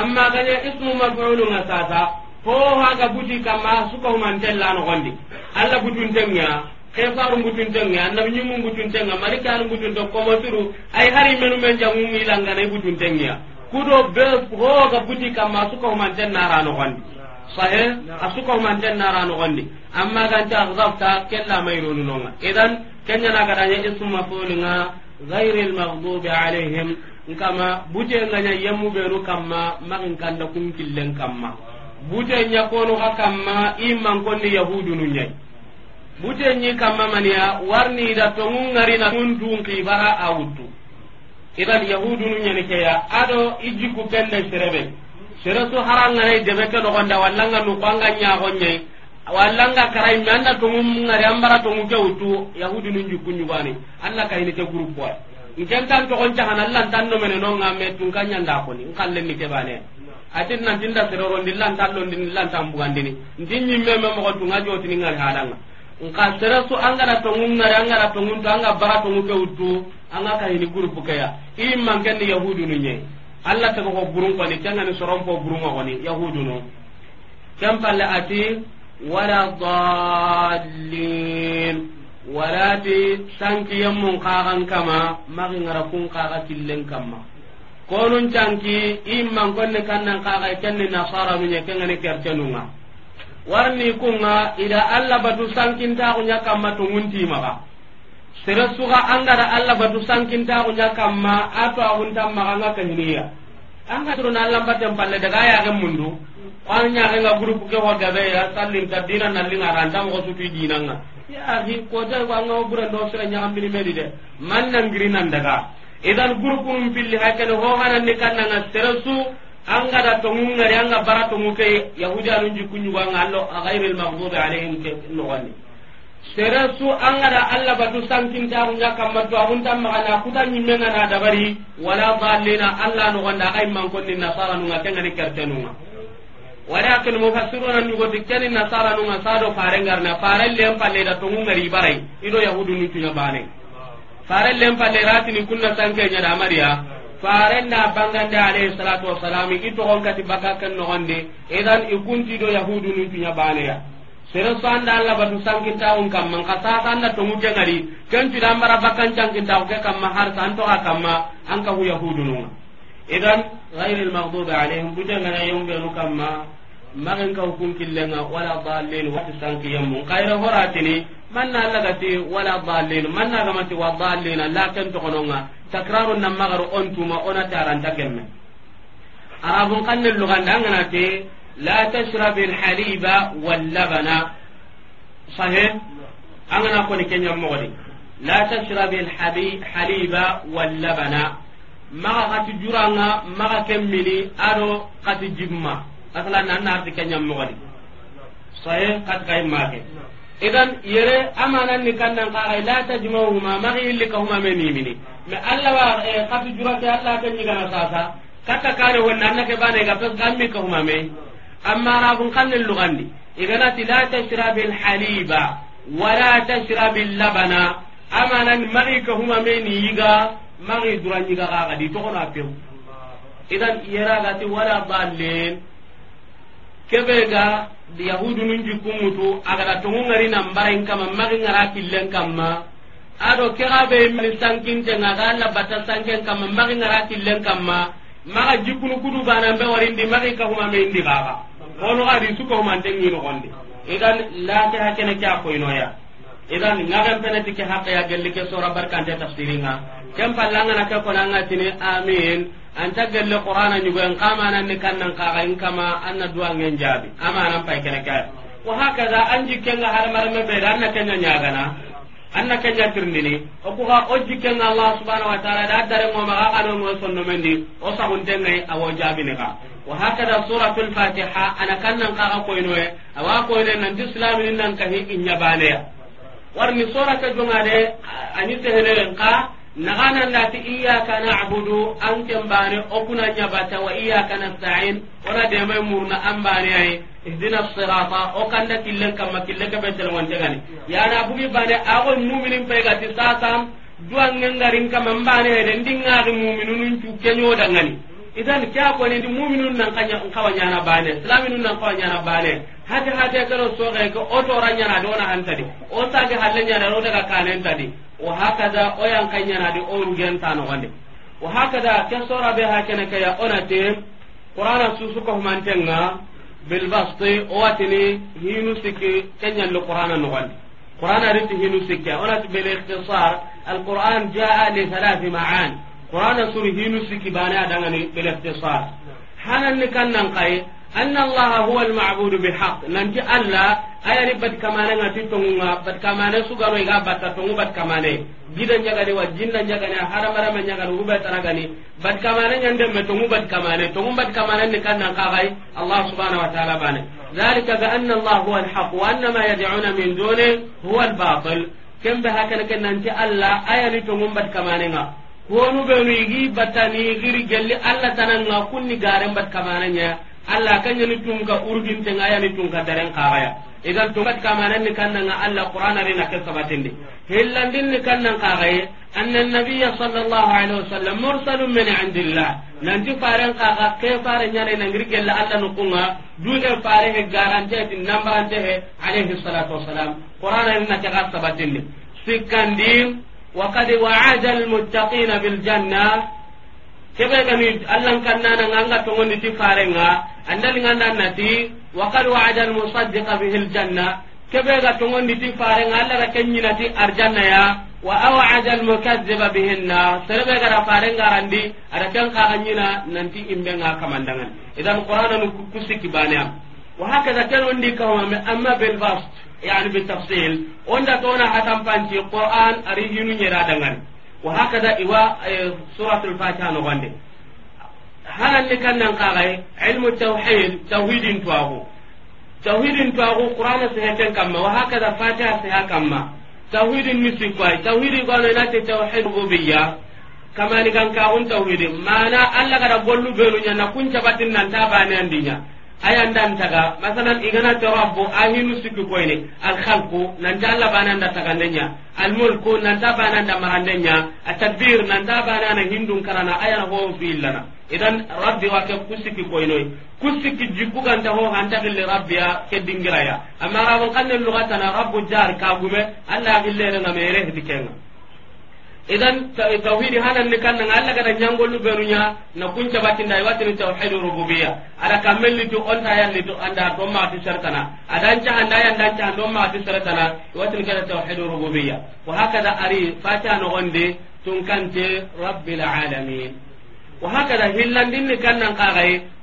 amma ganya ismu maf'ulu ngasata ho haga buti kamma suka humantella no gondi alla butuntenya kefaru ngutuntenga annabi ñimu ngutuntenga mari kanu ngutunto komoturu ay hari menu men jamu milangana i butuntenga kudo be hoga buti kamma suka humanten nara nogondi sahe a suka humanten nara nogondi amma ganti ahzabta kella mayronu nonga idan kenyana gadanya ismu mafulinga غير المغضوب عليهم nkama bute nganya yemu beru kamma magin kanda kun killen kamma bute nya kono ka kamma imman konni yahudu nun nyai bute nyi kamma mania warni da to ngari na kun dun kibara idan yahudunu nyani keya ado ijiku kende serebe seresu harangana debe ke nogonda wallanga nuku anga ñagonñayi wallanga karai mi anda tongu ngari ambara tongu ke utu yahudunu njikku ñugani anna kayini ke groupe wa nkentan togon cahana allantan nomene nonga me tunka ñanda koni nkallenni kebane atin nantinda serero ndi lantan londini lantan bugandini ntin ñimmeme mogo tunga jotini ngari halanga nka an angana tongun nare angana tongun to anga bara kɛ ke uttu an ka hini groupe ke ya i manke ni yahudu nu nye alla tago ko burun ko ni tanga ni soron ko burun ko ni yahudu nu kam palle ati wala dallin wala ti sanki mun qagan kama magi ngara kun qaga killen kama konun canki i man konne kannan qaga kenne nasara nu nye kenga ni kertenunga warni kunga ida allah batu sankintaxuña kamma tunguntimaxa sere suga angara allah batu sankintaxuña kamma a toaxuntan maxa nga kahiniya anga turuna batu palle daga yaxen mundu an ñaxenga groupe ke hogabeya sallinta dina nallinga ranta moxo sutui dinanga yaxi kota anga burendo sere ñaxambini bini medide man nangirinan daga idan groupe num pilli ni kanna nga sere su anga da to ngari anga bara to muke yahudi anu jikunyu wa ngallo ghairil maghdubi alaihim ke wani. sera su anga da alla batu sankin ta unga kamatu abun tam magana kuta nyimenga na dabari wala dalina alla no wanda kai man ni nasara nu ngake ngani kertenu walakin mufassiruna ni godi kenin nasara nu ngasado ngar na farellem palle da to ngari barai ido yahudi ni tunya bane farellem palle ratini kunna sankenya da mariya farenna bangande alayhi salatu wasalam baka ken nogondi idan i kuntido yahudu nun cuña baneya sere so anda batu anda tongu kengadi ken cuda an bara bakkan cankintaxu ke harsa an toxa kamma an kahu yahudu idan gayri magin ka hukun killenga wala dallin wati sanki yammu kayra horatini laga allagati wala dallin manna gamati wa dallina la ken tokononga takraru nan magar on tuma ona taranta gemme arabun kanne na anganate la tashrabi alhaliba wallabana sahe angana koni kenya mogodi la tashrabi alhaliba wallabana maga kati juranga maga kemmini ado kati jimma asala nan na arti kenya mogadi sahe kat kay make idan yere amanan ni kannan ka la tajma'uhuma ma illi ka huma meni mini me alla wa qatu eh, jurati alla kan ni gana sasa kata kare wonna annake bane ga pes gammi ka huma me amma rabun kanne lugandi igana ti la tashrabil haliba wala tashrabil labana amanan mari ka huma meni yiga yi dura yiga ga di to kono apew idan yera ga ti wala balen kebe ga yahudu nun jikumutu agada tongu ngari nambarain kama magi ngara killen kamma ado kega be min sankinte nga ga alla bata sanken kama magi ngara killen kamma maga jikunu kudu bana be di magi ka huma me indi baba ono di suko huma ndengi no gondi idan la ta hakene kya koyno ya idan ngagan penati ke hakka ya gelle ke sura barkan ta tafsiringa ken pallanga ke konanga tini amin anta gelle qur'ana nyugo en kama nan kan nan kaga in kama anna du'a ngen jabi ama nan pay kene kay wa hakaza anji kenga harmar me be dan na kenya na anna kenya tirndini o ko ha o jikenga allah subhanahu wa ta'ala da dare mo ma ga no mo sonno mendi o sa hunde ngai awo jabi ne ka wa hakaza suratul fatiha ana kan kannan kaga koynoe awa ne nan islamin nan kahi inya baleya warni sura ka jongade anyi tehelen ka naganandati iyaka nabudu an ken bane okuna ñabata wa iyaka nastain ona demai murna an baneaye ihdina sirata o kanda killen kamma kille keɓe telegontegani yana bugi bane agoy muminin paygati sasam duwangengarin kama n baneyede ndingaari muminunun cukkeñodangani idan ke a konindi muminun nan kawa ñana bane silaminun nan kawa ñana bane hate hate kero soxeke o tora ñana de wona hantadi o sage halle ñana o daga kanentadi wa hakada o yang kanya na di on gen ta no wande wa hakada ke sora be ha kene kaya ona te qur'ana susu ko man tenga bil basti o atini hinu sikke kanya ma'an qur'ana suri bana adanga ni bele ikhtisar anna allah huwa al ma'bud bi haqq nanti allah ayani bat kamane ngati tongunga bat kamane sugaro iga batta tongu bat kamane gidan nyagani wa jindan nyagani hara mara man nyagani uba taragani bat kamane nyande me tongu bat kamane tongu bat kamane ne kan allah subhanahu wa ta'ala bane zalika bi anna allah wa anna ma yad'una min duni huwa al batil kembe hakana ken nanti allah ayani tongu bat kamane nga honu benu igi batani giri gelli allah tananga kunni garen bat kamane nya alla kanyani tunka urgin tenga ayani tunka daren kaya idan tunkat kamanan ni kannanga alla qur'ana rena ke sabatindi din ni kannan an anna nabiyya sallallahu alaihi wasallam mursalun min indillah nanti faran kaga ke faran nyane nangiri gella alla nukunga duke fare he garante tin nambarante he alaihi salatu wasalam qur'ana rena ke sabatindi sikandi وقد وعد المتقين بالجنه kebe gani allan kannana nganga to ngondi ti nga farenga nga nganda nati wa qad wa'ada al musaddiqa bihi al janna kebe ga to ngondi ti nga alla ga kenyina ti arjanna ya wa aw'ada al mukazziba bihi an nar serbe ga ra nga randi ada kan ka ganyina nanti imbe nga kamandangan idan qur'anan kusiki bana wa hakaza kan ondi kawame amma bil bast yani bil tafsil onda tona na hatam panci qur'an ari hinu nyera dangan wa hakada iwa eh, suratul fatiha no gonde hanan ne kan nan kagai ilmu tauhid tauhidin tuago tauhidin tuago qur'ana sai kan wa hakada fatiha sai kamma tauhidin misi kwai tauhidi gono na te tauhid rububiyya kamani kan ka un tauhidin mana Allah kada na kun jabatin nan ta bane andinya ayandan taga masalan igana torabbo ahinu sikki koyne alhalku nanta allah bananda tagandenya almulku nanta bananda marandenya atadbir nanta banana hindun karana ayana ho fiillana idan rabbi wake ku sikki koynoy ku sikki jikku ganta ho hanta gille rabbiya ke amma rabon kanne lugatana rabbu jar kagume allah gillere ngamere hedi kenga idan tauhid hanan ni kanna Allah kada nyangolu berunya na kunca batin dai watin tauhid rububiyya ada kamelli tu on yan ni tu anda don ma ti sartana adan ca anda yan dan ca don ma ti sartana watin kada tauhid rububiyya wa hakada ari fata no onde tun kante rabbil alamin wa hakada din ni kan nan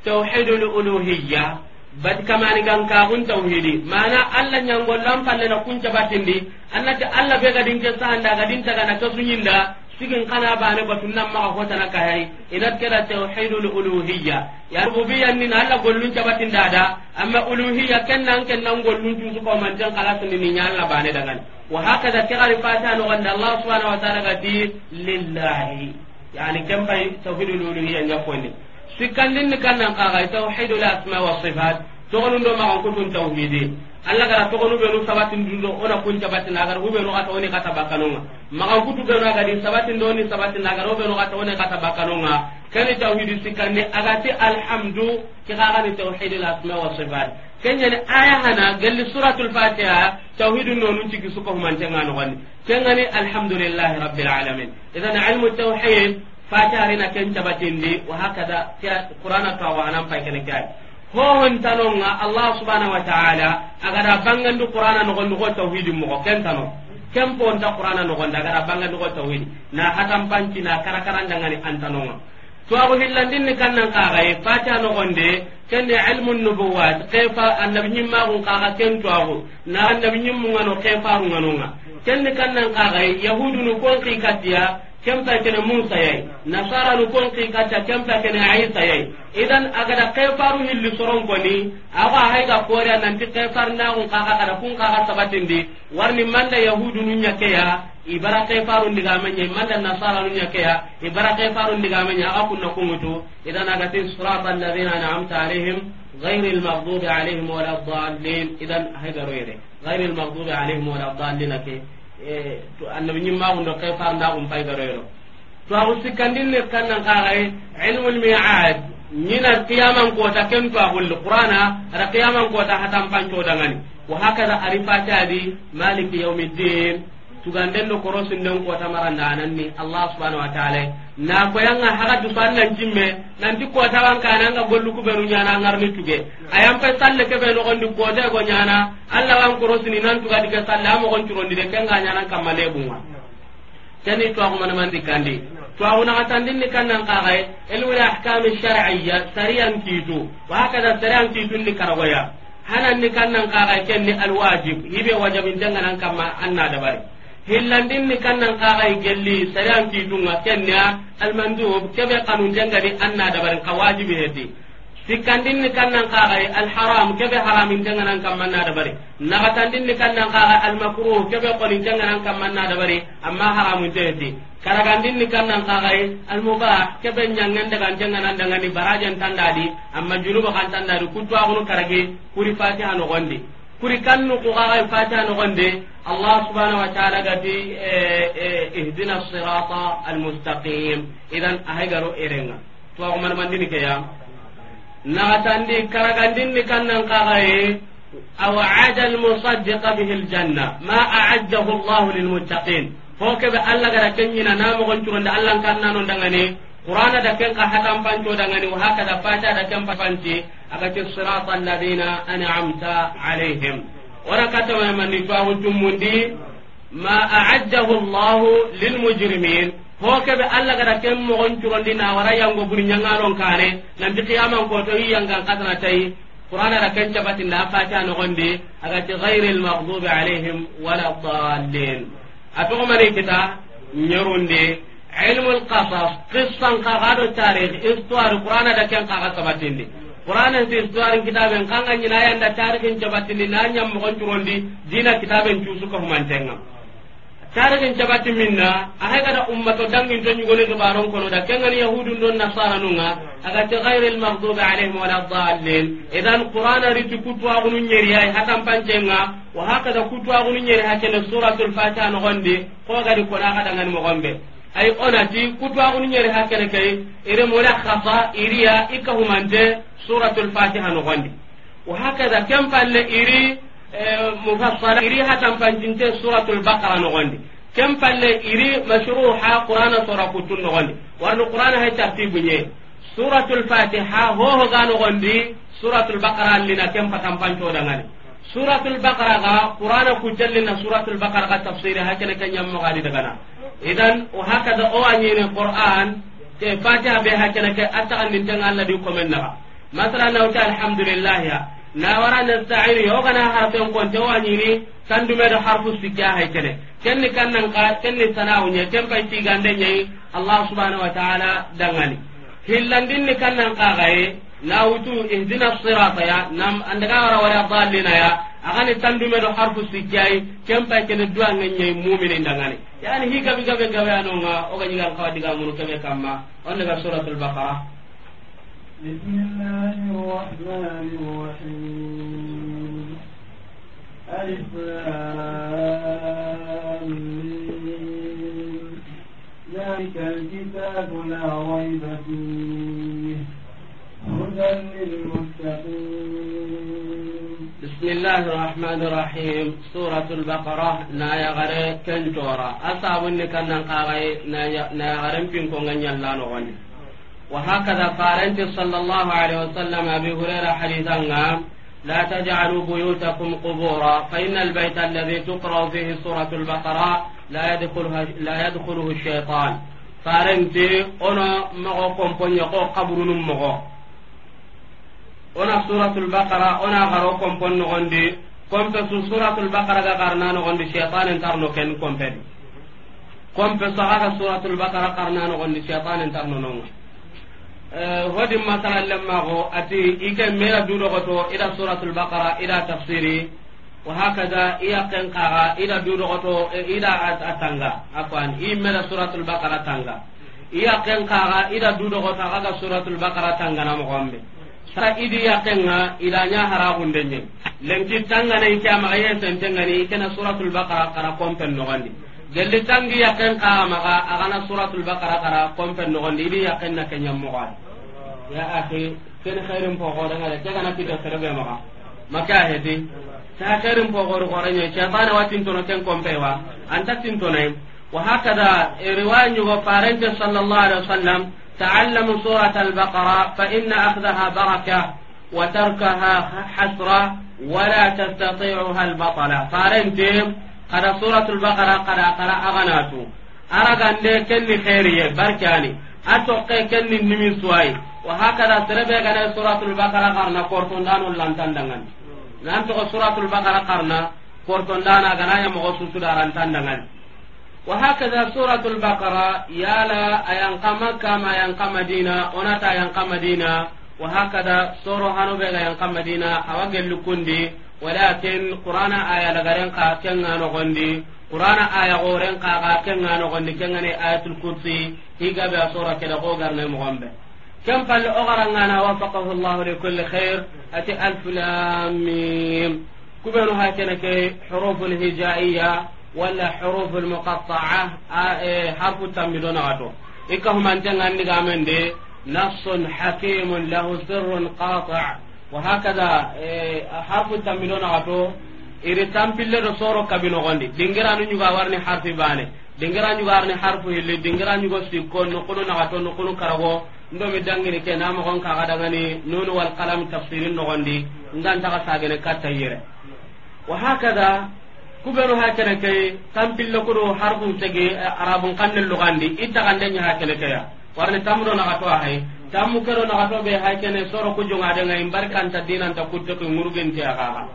tauhidul uluhiyya bat kamani kan ka hun tauhidi mana allah nyangol lam palle na kunca batindi annati alla be gadin ke anda gadin kana na sunyinda sigin kana ne batun nan ma hota na kayai idan kada tauhidul uluhiyya ya rububiyya ni na alla gollun batinda dada amma uluhiyya kennan nan gollun tu ko man jan kala sun ni nya alla bane dangan wa hakaza kira fata no ganda allah subhanahu wa ta'ala gadi lillahi yani kan bai tauhidul uluhiyya nya ko ni sikkandin ni kannan kaga tawhidu asma wa sifat togonu do ma ko tun gara be no sabatin dun do ona kun jabati na gara no oni kata bakanonga ma kan sabatin do ni sabatin na gara ube no kata oni kata bakanonga agati alhamdu ki ni asma wa sifat aya hana galli suratul fatiha tawhidun no nun tigi suko man tanga no gani ni alhamdulillahi rabbil alamin idan ilmu tauhid facarina ken cabatindi wa hakada qur'ana anan awanan pakene kai hohon tanonga allah subhanahu wa ta'ala agada bangandu qur'ana nogondi ko tawhidi mogo ken tano ken ponta qur'ana nogondi agada bangandu ko tawhid na hatam panci na karakarandangani antanonga to ago hillandin ni kannan kaagaye faca nogonde kende ilmu nubuwat kefa annabi ka ka ken to abu na annabi ñimmungano kefarunganonga kenni kannan kaagaye yahudunu kon kikatiya kemta kene musa yai nasara nu kon kin kata kemta kene isa yai idan agada kayfaru hilli soron koni aga haiga kore nan ti kayfar na kun kaka kada kun kaka sabatindi warni manda yahudu nu nyake ya ibara kai faru ndiga manya manda nasara nu nyake ya ibara kai faru ndiga manya aga kunna kungutu idan aga tin sirata alladhina an'amta alaihim غير المغضوب عليهم ولا الضالين اذا هيدا غير المغضوب عليهم ولا الضالين كي Eh, annabi nyim ma gundo kay far nda pay um garo yero to awu sikandin ne kannan ka ay ilmul mi'ad nyina qiyaman ko ta ken to ahul qur'ana ada qiyaman ko ta hatam panco dangani wa hakada arifa tadi maliki yawmiddin tuganden do korosin den kota maranda ananni allah subhanahu wa ta'ala na koyanga haga duban nan jimme nanti kota wan kana nga gollu ku beru ngarni tuge ayam pe salle ke be no gondi kota go nyana alla wan korosini nan tuga dike salle a mogon curondi de kenga ñanan kamma lebunga keni twaxumana mandi kandi twaxunaxa tandinni kannan kaxaye elwel ahkame sharciya sariyan kiitu wahakada sariyan ni karagoya hananni kannan kaxaye kenni alwajib hibe wajabintenganan kamma anna dabari hillandinni kannan kaxaye gelli sariyan kiitunga kennia almandub keɓe kanuntengadi anna dabarin ka wajibi heddi sikkandin ni kannan kaxay e alharam keɓe haramintenganan kammanna dabari naxatandin ni kannan kaxay e almakruh keɓe qonintenganan kammanna dabari amma haramunteeti karagandin ni kannan kaxay e almubah keɓe ñangendegantenganan dangani barajen tandadi amma junuba kan tandadi kuttuwaxunu karage kuri fatiha noxondi kuri kan kannu kuxaxay fatiha noxonde allah subhanau wa taala gati ihdina sirata almustaqim idan ahegaro erenga tuwaxumanamandini keya nagatandi karagandinni kannan kagaye aw aada almusaddiqa bihi aljanna ma aaddahu llahu lilmuttaqin hokeɓe allah gara kenñina namogon cugonde allah nkannano dangani qur'ana da ken ka hatan panco dangani wa hakada fata da ken panci agati sirata alladina an'amta alaihim wara katawamani tuahuntummundi ma aaddahu llahu lilmujrimin ho allah alla kem mo on curondi na wara yango buri nyangalon kane nanti ko koto yi yanga kasana tay qur'ana ra ken cabatin da ta no gonde aga ti ghairil maghdubi alaihim wala dallin atogo mari kita nyoronde ilmul qasas qissan ka gado tarikh histoire qur'ana da kan ka sabatindi qur'ana ti istuar kitaben kan ganyina yanda tarikhin cabatindi na nyam mogon curondi dina kitaben cusu suka humantenga taregen cabati minna a gada ummato dangin to ñugone to ɓaron kono da kengani yahudun ɗon nasaranunga agati gayre lmahdubi alayhim wala dalin idan qur'ana riti kuttuwagunu ñeriyay hatampancenga wa hakada kuttuwagunu ñeri hakene suratul fatiha nogondi kogadi koɗa kadangani mogonɓe ay onati kuttuwagunu ñeri hakene kay ire mola hasa iriya i kahumante suratul fatiha nogondi wa hakada ken palle iri mufassala iri hatan suratul baqara nogondi kem palle iri mashruha qur'ana sora kutun nogondi warno qur'ana hay tartibu nye suratul fatiha ho ho ga suratul baqara lina kem patan panco dangani suratul baqara ga qur'ana suratul baqara ga dagana idan o hakada o anyene qur'an fatiha be hakene ke atakan nintenga alla di komen naga na nauta alhamdulillah ya na wara nasta'in yo kana harfen ko to wanyini dume da harfu kya hay kene kenni nan ka kenni sana'u ken bai ti gande ne allah subhanahu wa ta'ala dangani din ni nan ka gaye na wutu ihdina sirata ya nam andaga wara wara dalina ya agani dume da harfu sikyai kempa kene duwa ne mu'mini dangani yani hi gabi gabe gawe anonga o ganyi gal kawadi ga munu kebe kamma on daga suratul baqarah بسم الله الرحمن الرحيم ألف ذلك الكتاب لا ريب فيه هدى للمتقين بسم الله الرحمن الرحيم سورة البقرة نايا غري كنتورا أصاب النكنا قاغي نايا غري بينكم غنيا لا نغني وهكذا قارنت صلى الله عليه وسلم أبي هريرة حديثا لا تجعلوا بيوتكم قبورا فإن البيت الذي تقرأ فيه سورة البقرة لا يدخلها لا يدخله الشيطان فارنتي أنا مغو كومبوني قو قبر نمغو أنا سورة البقرة أنا غرو كومبوني غندي كومبسو سورة البقرة غارنا نغندي شيطان انترنو كن كومبين كومبسو هذا سورة البقرة غارنا نغندي شيطان انترنو نغندي hodi eh, masala lemmago ati ike mera duɗogoto ida suratul baqara ida tafsiri wa hakaza iya kenkaga ida duɗogoto e, ida a tanga afan i mera suratul baqara tanga iya kenkaga ida duɗogoto agaga suratul baqara tangana mogonɓe sa idi yakenga ida nya haragunde nye lenki tangana ike amaga ye sentengani ikena suratul baqara kara kompen nogondi gelli tangi yaken kaga maga agana suratul baqara kara kompen nogondi idi yaken na kenyammogoadi ya akhi ken khairin po gore ngale ke kana pita serebe maka maka hedi ta khairin po gore gore nya shaytan watin tono ken kompewa anta tin tono wa hakada e riwayu go farante sallallahu alaihi wasallam ta'allamu surat al-baqara fa inna akhdaha baraka wa tarkaha hasra wa la tastati'uha al-batala farante kada suratul baqara kada kala aganatu aragande kenni khairiye barkani ato ke ken ni nimi suwai wa hakada ga dai suratul bakara karna kortondano lantandangani nan togo suratul bakara karna kortondana ganaya mogo susudarantandangani wa da suratul bakara yala ayankama kama kama kama dina onata kama dina wa hakada soro hanobe ga ayanka kama dina awagel lukundi walakin qur'ana aya lagaren ka kenga no gondi qur'ana aya goren ka ka kenga no gondi kenga ne ayatul kursi higa be sura ke da gogar ne mogombe kam pal ogaranga na wafaqahu allah li kulli khair ati alf lam mim kubenu hakena ke huruful hijaiya wala huruful muqatta'a e, harfu tamidona wato ikahumante ngandi gamende نص حكيم له سر قاطع وهكذا حرف التنبيلون غتو iri tampille do soro kabino gondi dingiranu nyuga warni harfi bane dingira nyuga warni harfu hilli dingira nyuga sikko no kono na gato no kono karago ndomi mi dangini ke na mo gon ni nunu wal qalam tafsirin no gondi ngan ta ga sagene katta yere wa hakada kubenu hakene ke tampille ko do harfu tege arabun kanne lugandi itta gande nya hakene ke ya warni tamro na gato tammu kero na gato be hay kene soro ku jonga de barkanta dinanta ta dinan ta ku murgen ti aga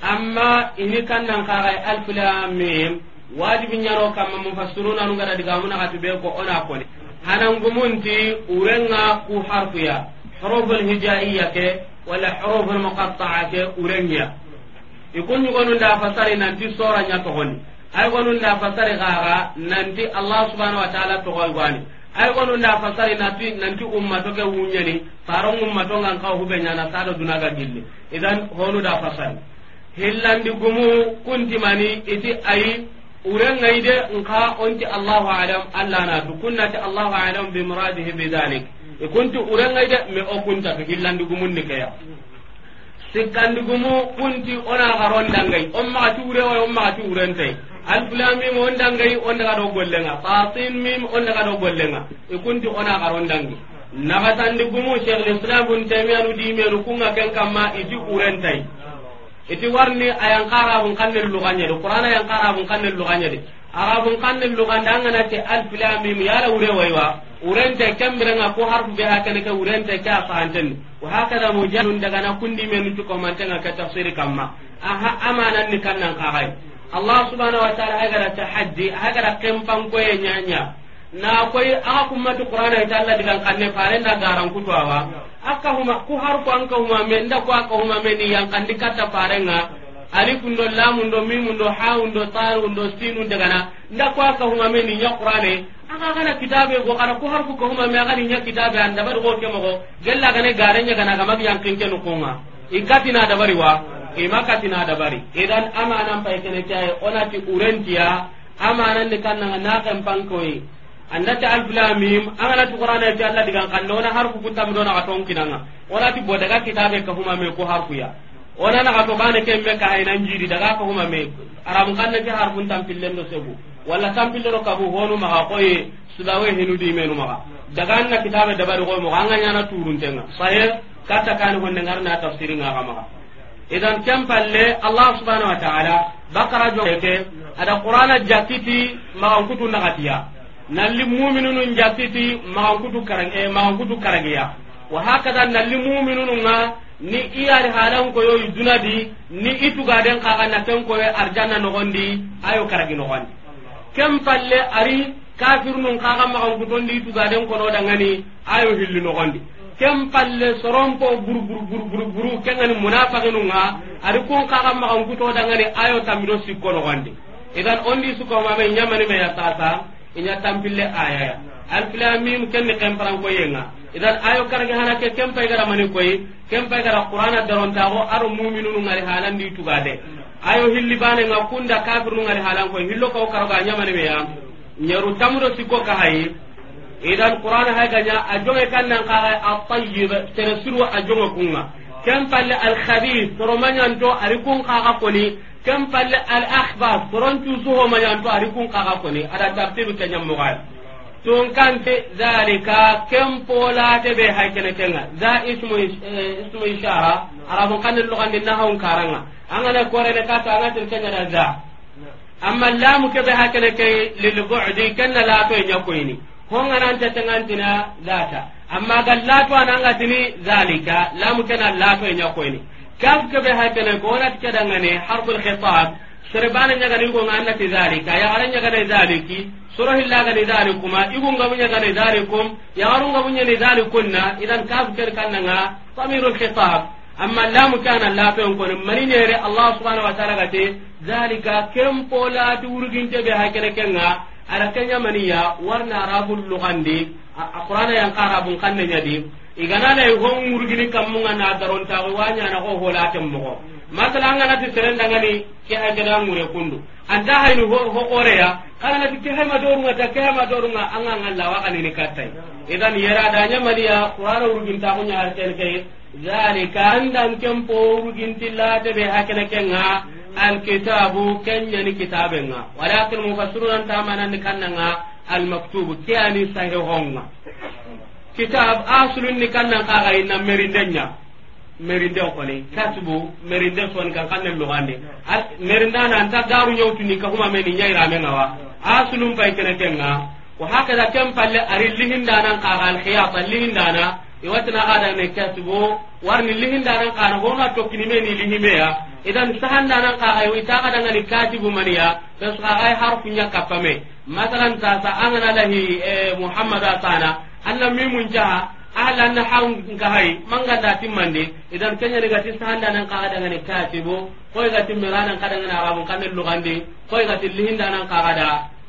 amma ini kan nan ka ga alf lam mim wajibi nyaro kam mufassiruna nu gara diga mun gatu ko ona ko ni hanan urenga ku harfu ya huruf al hijaiyya ke wala huruf al muqatta'a ke urenya ikun nyugonu da fasari nanti sora nya to honi ay gonu da fasari gaga nanti allah subhanahu wa ta'ala to ay gonu nda tin nan ti umma to ke wunyani faron umma to ngan ka hubbe nyana sada dunaga gilli idan honu da fasari hillandi gumu kunti mani iti ayi urengai de nka onti allahu alam allah na tu ti allahu alam bi muradihi bi dhalik ikunti urengai de me kunta to hillandi gumunni kaya sikkandigumu kunti ona garon dangai on maga ture wa on maga turente al lam mo on dangai on daga do gollenga fasin mim on daga do gollenga e kunti ona garon dangi naga tandigumu sheikh islam bun taymiya nu dimeru kunga ken kamma iti urentai iti warni ayan qarabun kannel luganya do qur'ana ayan qarabun kannel luganya de arabun kanne luganda an gana te alf lam mim yala ure waywa urente kambiranga ko harfu haka ne ka urente ka fahanten wa mu mujallun daga na kundi men tu ko mantanga ka tafsiri kamma aha amanan ni kan ka kai. allah subhanahu wa ta'ala hagara tahaddi hagara kempan nya nyanya na koi aka kuma tu qur'ana ita allah digan kanne fare na garan kutu awa aka huma ku harfu an ka huma men da ku aka huma men yang kandi kata nga. ali kundo lamu do mimun do haun do tarun do sinun daga na nda ko aka huma me ni nya qur'ane aka kana kitabe go kana ko harfu ko huma me aga ni nya kitabe anda bar go kemo go gella gane garenya kana ga mabi yankin ken ko nga ikati na dabari wa imakati na dabari idan nan pa kene tay onati urentia nan ni kanna na kan ta annati alif lam mim anganati qur'ana ti alla digan kannona harfu kutam atong kinanga ona onati bodaga kitabe ka huma me ko harfu ya ona naga to bane kembe ka nan jiri daga ko huma me aram har ke harfun tampillen do sebu walla tampille ro kabu honu maga koye sulawe hinu di menu maga daga anna kitabe dabari koy mo anga nyana turun tenga sahe kata kan honne ngarna tafsiri ngaga maga idan kem palle allah subhanahu wa ta'ala bakara jo ke ada qur'ana jakiti maga kutu nagatiya nalli mu'minunun jakiti maga kutu karang e eh, maga kutu karangiya wa hakada nalli mu'minunun nga ni iyari halan koyo idunadi ni itugaden kagana ken koye arjanna nogondi ayo karagi nogondi ken palle ari kafir nun kaga magan kutondi itugaden kono dangani ayo hilli nogondi ken palle soronpo buru buru buru buru buru kengani munafaginunga ari kun kaga magan kuto dangani ayo tamido sikko nogondi idan ondi sukomame ñamani meya sasa iña tampille ayaya alfilamim kenni kemparankoyenga idan ayo karge hana ke kem pay gara mani koy kem pay gara qur'ana daron ta go aro mu'minun ngali halan di tuga de ayo hilli bane nga kunda kafirun ngali halan koy hillo ko karo ga nyamani me ya nyaru tamro sikko ka hayi idan qur'ana hay ganya ajonge kannan ka hay at-tayyib tere suru ajonge kunga kem palle al-khabith toro manyanto ari kun ka ka koni kem palle al-akhbar toro tu suho manyanto ari kun ka ka koni ada tartibi kanyam mugal tun kante zalika ken polate be haykene kenga za ismu eh, ismu ishara arabu kanin lugandi nahawun karanga angana korene kata angatir kenya da za amma lamu ke be haykene ke lil bu'di kenna la to e nyakoyni honga nan ta tangantina zata amma gallatu ananga tini zalika lamu kenna la to e nyakoyni kaf ke be haykene ko na tikadangane harful khitab serebana ñagana igonga annati zalika yagara ñagana ni zari kum ya igungamu ga bunya ni zari kunna idan fikir kan nga famirul khitab amma lamu kana lafen kone mani nere allah subhanahu wa taala gate zalika ken polati wurginteɓe ha kene kenga mani ya warna arabul lugandi a qur'ana yanka igana kanne ñadi igananayi hon wurgini kammunga na wanya na ho holaten mo masala anga nati serenda ngani ke a gada ngure kundu an da ni ho ho ore ya kana nati ke ha ma doru ngata ke ha ma doru an anga wa kana ni kattai idan yara da nya maliya qur'ana urugin ta kunya har tel kai zalika andan kempo urugin tilla de be ha kana kenga al kitabu kenya ni kitabenga walakin mufassirun ta manan kannanga al maktubu kiyani sahihonga kitab aslun ni kannan ga inna merindenya merinde kone kasubu merinde son kan kanne lugande merinda na anta garu nyautu ni kahuma meni nyaira menga wa asulum pai kene kenga wa hakada kam palle ari lihinda nan ka al khiyata lihinda na iwatina ada ne kasubu warni lihinda nan ka na hona tokkini meni ya. idan sahanda nan ka ay wita kada ngani katibu maniya bas ka ay harfu nya kapame masalan ta sa angana lahi eh, muhammad asana anna mimun jaha ala na haun ka hay manga da timmande idan kenya daga tin sahanda nan ka daga ne ka tibo ko ga timmirana ka daga na arabun kan lugande ko ga tilhinda nan ka da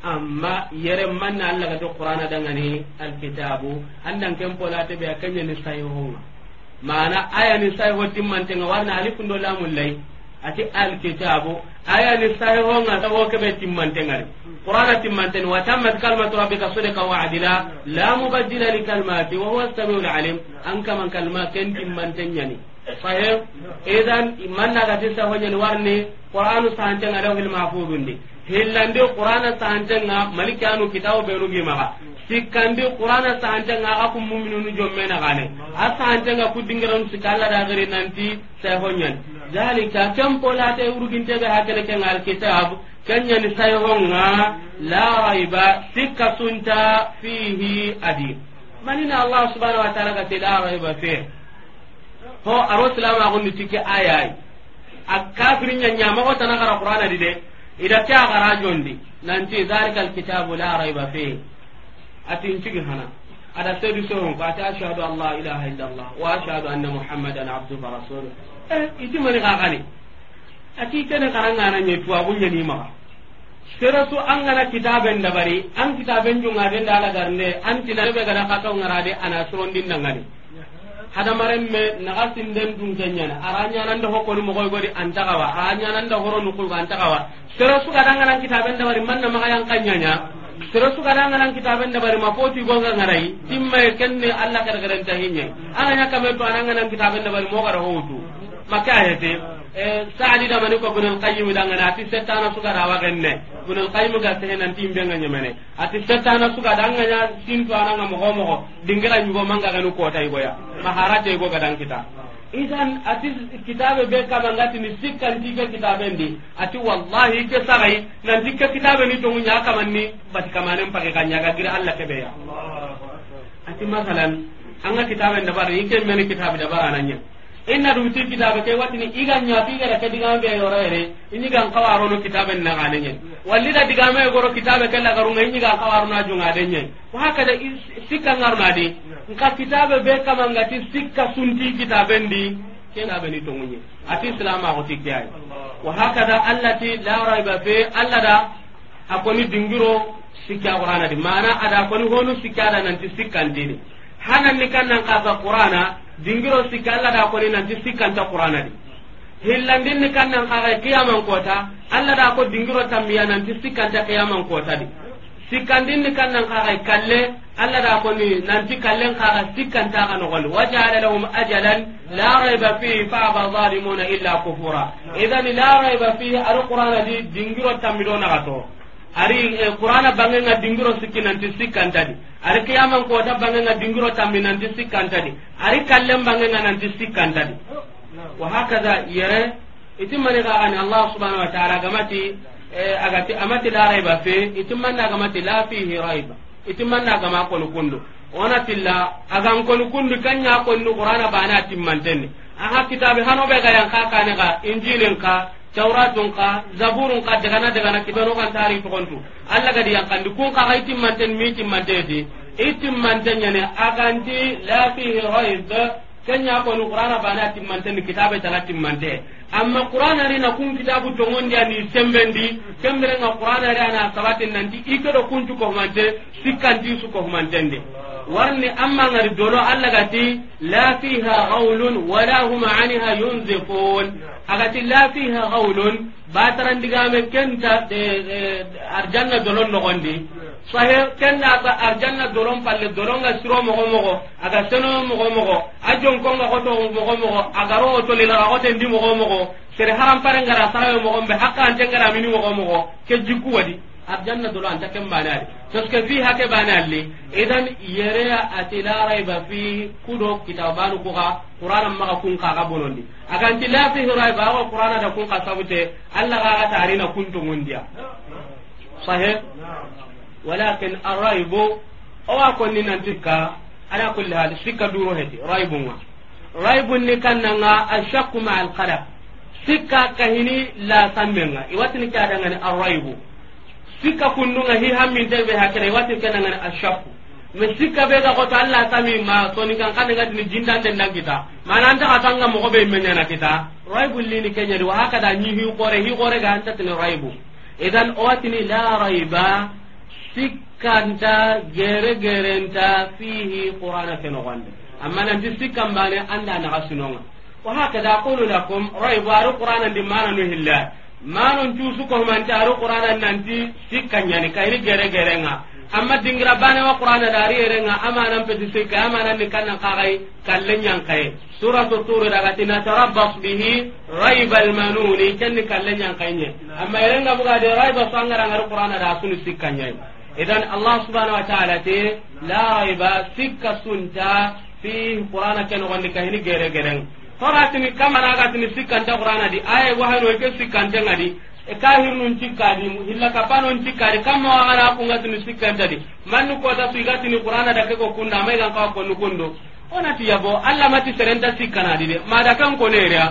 amma yere manna Allah ga to qur'ana daga ne alkitabu andan kan pola te be kenya ni sayo mana aya ni sayo timman te warna alifun do lamul lay ati alkitabu aya ni sahiho nga ta ho kebe timmante ngari qur'ana timmante wa tammat kalmatu rabbika sadaqa wa adila la mubaddila li kalmati wa huwa as-sami'ul alim an kama kalma ken timmante nyani sahih idan man na ga tisa ho nyani warni qur'anu sahante ngari hil mahfudundi hillandi qur'ana sahantenga maliki anu kitabu benu gimaga sikkandi qur'ana sahantenga aga kun muminunu na gane a sahantenga ku dingiranu sikka da gari nanti sayhonyan zalika ken polate urugintebe hakele kenga alkitab kenyani sayhonga la raiba sikasunta fihi adi manina allah subhanahu wa ta'ala ga la raiba fi ho aro ma agundi tike ayayi a kafirinya nyamago tanagara qur'ana dide ida ke gara jondi nanti zalikal kitabu la raiba fi atin cigi hana ada sedu soron ko ata ashhadu an la ilaha illallah wa ashhadu anna muhammadan abduhu wa rasuluhu eh iti mani ga gani ati kene karanga na tuwa gunya ni ma sera su an gana kitaben da bari an kitaben junga den da ala garne an tinabe ga da ka ngara de ana suron din nan gani hadamaren me naga sinden dun kenyana ara nyananda hokoni mogoy godi antagawa nan da horo nuku antagawa sere suka danganan kitaben dabari manna maga yang kanyanya sere suka danganan kitaben dabari mafoti gonga ngarai timme kenne alla gargaran tahinya ara nyaka me to ananganan kitaben dabari mogara hotu makayete eh, sali da mani ko bunul qayyim da ngana ati setana suka da wagenne bunul qayyim ga tehe nan timbe nganya mene ati setana suka da nganya tinto ananga mo homo dingira nyugo manga ganu ko tay goya maharaje go gadang kita idan ati kitabe be kama ngati ni sikkan tige kitabe ndi ati wallahi ke sarai nan dikke kitabe ni to nya kama ni bati kama nan pake kanya ga gira Allah kebe ya ati masalan anga kitabe ndabara yike mene kitabe dabara nanya inna dum ti kitabe ke watini iga nya ti gara ke diga be yoro ere ini gan kawaro no kitabe na gane nyen walli da diga me goro kitabe ke la garu ngi gan kawaro na junga de nyen wa haka da sikka ngarna de ka kitabe be kama ngati sikka sunti kitabe ndi ke na be ni to munye ati islam a goti kiyai wa haka da allati la raiba fi allada akoni dingiro sikka qur'ana di mana ada koni honu sikka da nanti sikkan dini hanan ni kan nan ka qur'ana dingiro sikka allah da koni nanti sikkanta qur'ana di hillandin ni kannan kaga kiyaman kota allah da ko dingiro tammiya nanti sikkanta kiyaman kota di sikkandin ni kannan kaga kalle allah da koni nanti kallen kaga sikkanta ka nogol wajala lahum ajalan la rayba fihi faba zalimuna illa kufura idan la rayba fihi al qur'ana di dingiro tammido na gato ari eh, qur'ana bangenga dingiro sikki nanti sikkanta di ari kiyaman kota bangenga dingiro tammi nanti sikkantadi ari kallen bangenga nanti sikkantadi wa hakaza yere itimani kaani allah subhanau wa taala agamati e, agati amati la raiba fe itimanna agamati la fihi raiba itimanna gama konu kundu ona tilla aga konu kundu kanya konni qur'ana bana timmantenni aha kitabe hanobe ga yanka kane ga injilen ka tauratun ka zaburun ka daga na daga na kibano kan tari to kontu alla gadi yang kan dukun ka haiti manten mi mantedi itim mantenya ne aganti la fi raib kenya ko no qur'ana bana manten kitabe tala timmante amma qur'ana ri na kun kitabu to ngondi ani sembendi kembere na qur'ana ri ana sabatin nanti ikedo kuntu ko mante sikkanti su ko mantende warni amma ngari dolo Allah gati la fiha qawlun wala hum anha yunzifun agati la fiha qawlun bataran digame kenta eh, eh, arjanna dolon nogondi sahe kenna ta arjanna dolon palle dolon ga siro mogo mogo aga seno mogo mogo ajon konga to mogo mogo agaro oto lela goto ndi mogo mogo sere haram pare ngara sarawe mogo be hakka ante ngara mini mogo mogo ke jikku wadi arjanna dolo anta ken banali toske fi hake banalli idan yereya ati la raiba fi kudo kitabanu kuga qur'ana maga kun kaga bonondi aganti la fi raiba awa qur'ana da kun kasabute alla kaga tarina kuntu mundiya sahih walakin arraibu awa konni nantika ala kulli hal sikka duro heti raibunga raibun ni kannanga ashakku ma al qadar sikka kahini la sammenga iwatini kadangani arraibu sikka kundunga hi hammin te be hakere wati kenangani ashakku me sikka be ga kota allah tami ma ni kan kan ga ni jindan den dan kita mana anta katanga mo ko be menya na kita raibul lini kenya di wa kada nyi hi kore hi kore ga anta tin raibu idan awatini la raiba sikkanta gere gerenta fihi qur'ana keno gonde amma nan ti sikkan bane anda na kasunonga wa hakada aqulu lakum raibu ar qur'ana di mana no hillah manon cuusu kohmantaru qur'ana nanti sikkanyani kayri gere gerenga amma dingira bane wa qur'ana dari yerenga amanan peti sikka amanan ni kanna kagai kalle nyankaye suratu tur daga tina tarabbas bihi raibal manuni kenni kalle nyankanye amma yerenga buga de raiba sangara ngar qur'ana da sunu sikkanyai idan allah subhanahu wa ta'ala te la raiba sikka sunta fi qur'ana ken wonni gere gerenga horatini kamanagatini sikkante xuranadi aye wahano ke sikkantengadi e kahirnu cikkadi hillakapano cikkadi kamma wagana kungatini sikkantadi manni kota su igatini da ke go kunda ka igankawa konni kundu onati yabo allah mati serenta sikkanadi de mada ko koneerea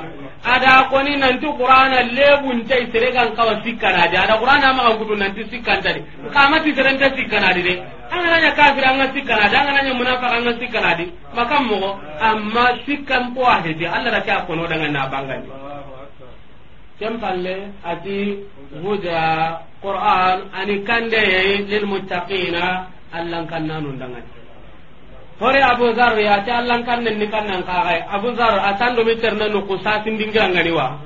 ada koni nanti qur'ana lebun sere kan kawa sikkana di ada qur'ana ma gudu nanti sikkan tadi kama ti serenta sikkana di de nanya kafir anga sikkana di nanya munafik anga sikkana di maka mo amma sikkan ahe ahedi Allah da ka kono dengan na bangani kem palle ati huda qur'an ani kande lil muttaqina kan nanu dengan hore abu zar ya ta allan kan nan ni kan nan ka gai abu zar atan do meter nan ko tin dingira ngani wa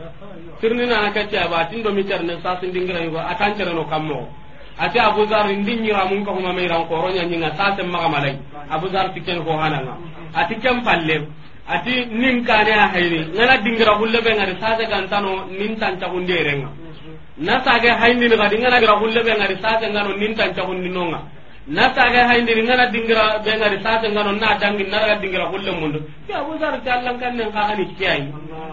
tirni na ka ta ba tin do meter nan dingira ngani wa tan tare no kammo ati abu zar indin nyira ramun ko ma mai ran koronya sa sasin maga malai abu zar tiken ko nga ati kem palle ati nin kane a hayni ngana dingira hulle be ngari kan gantano nin tanta hunde renga na ga hayni ngadi ngana gira hulle be ngari sase ngano nin no nga. na tage hayndiri ngana dingira be ngari sate ngano na jangin na daga dingira hulle mundu ya abu zar ta kan nan ka hani kiyai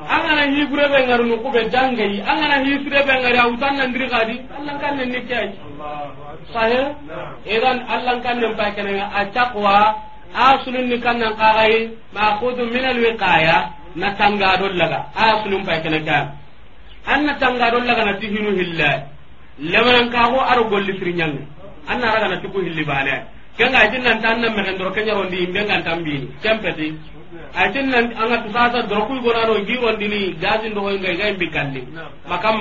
angana hi gure be ngari nu kube dangai angana hi sire be ngari autan nan diri gadi allan kan nan ni kiyai sahe idan allan kan nan pa kana a taqwa asulun ni kan nan ka gai ma'khudun min alwiqaya na tanga dol laga asulun pa kana ka an na tanga dol laga na tihinu hillahi lamanan ka go aro golli sirinyanga anna raga na tuku hilli bane kenga tin nan tan nan megen doro kenya rondi imbe ngan tambini kempeti atin nan anga tusasa doro kuy gona no gi rondi ni gazi ndo hoy ngai ngai bikalli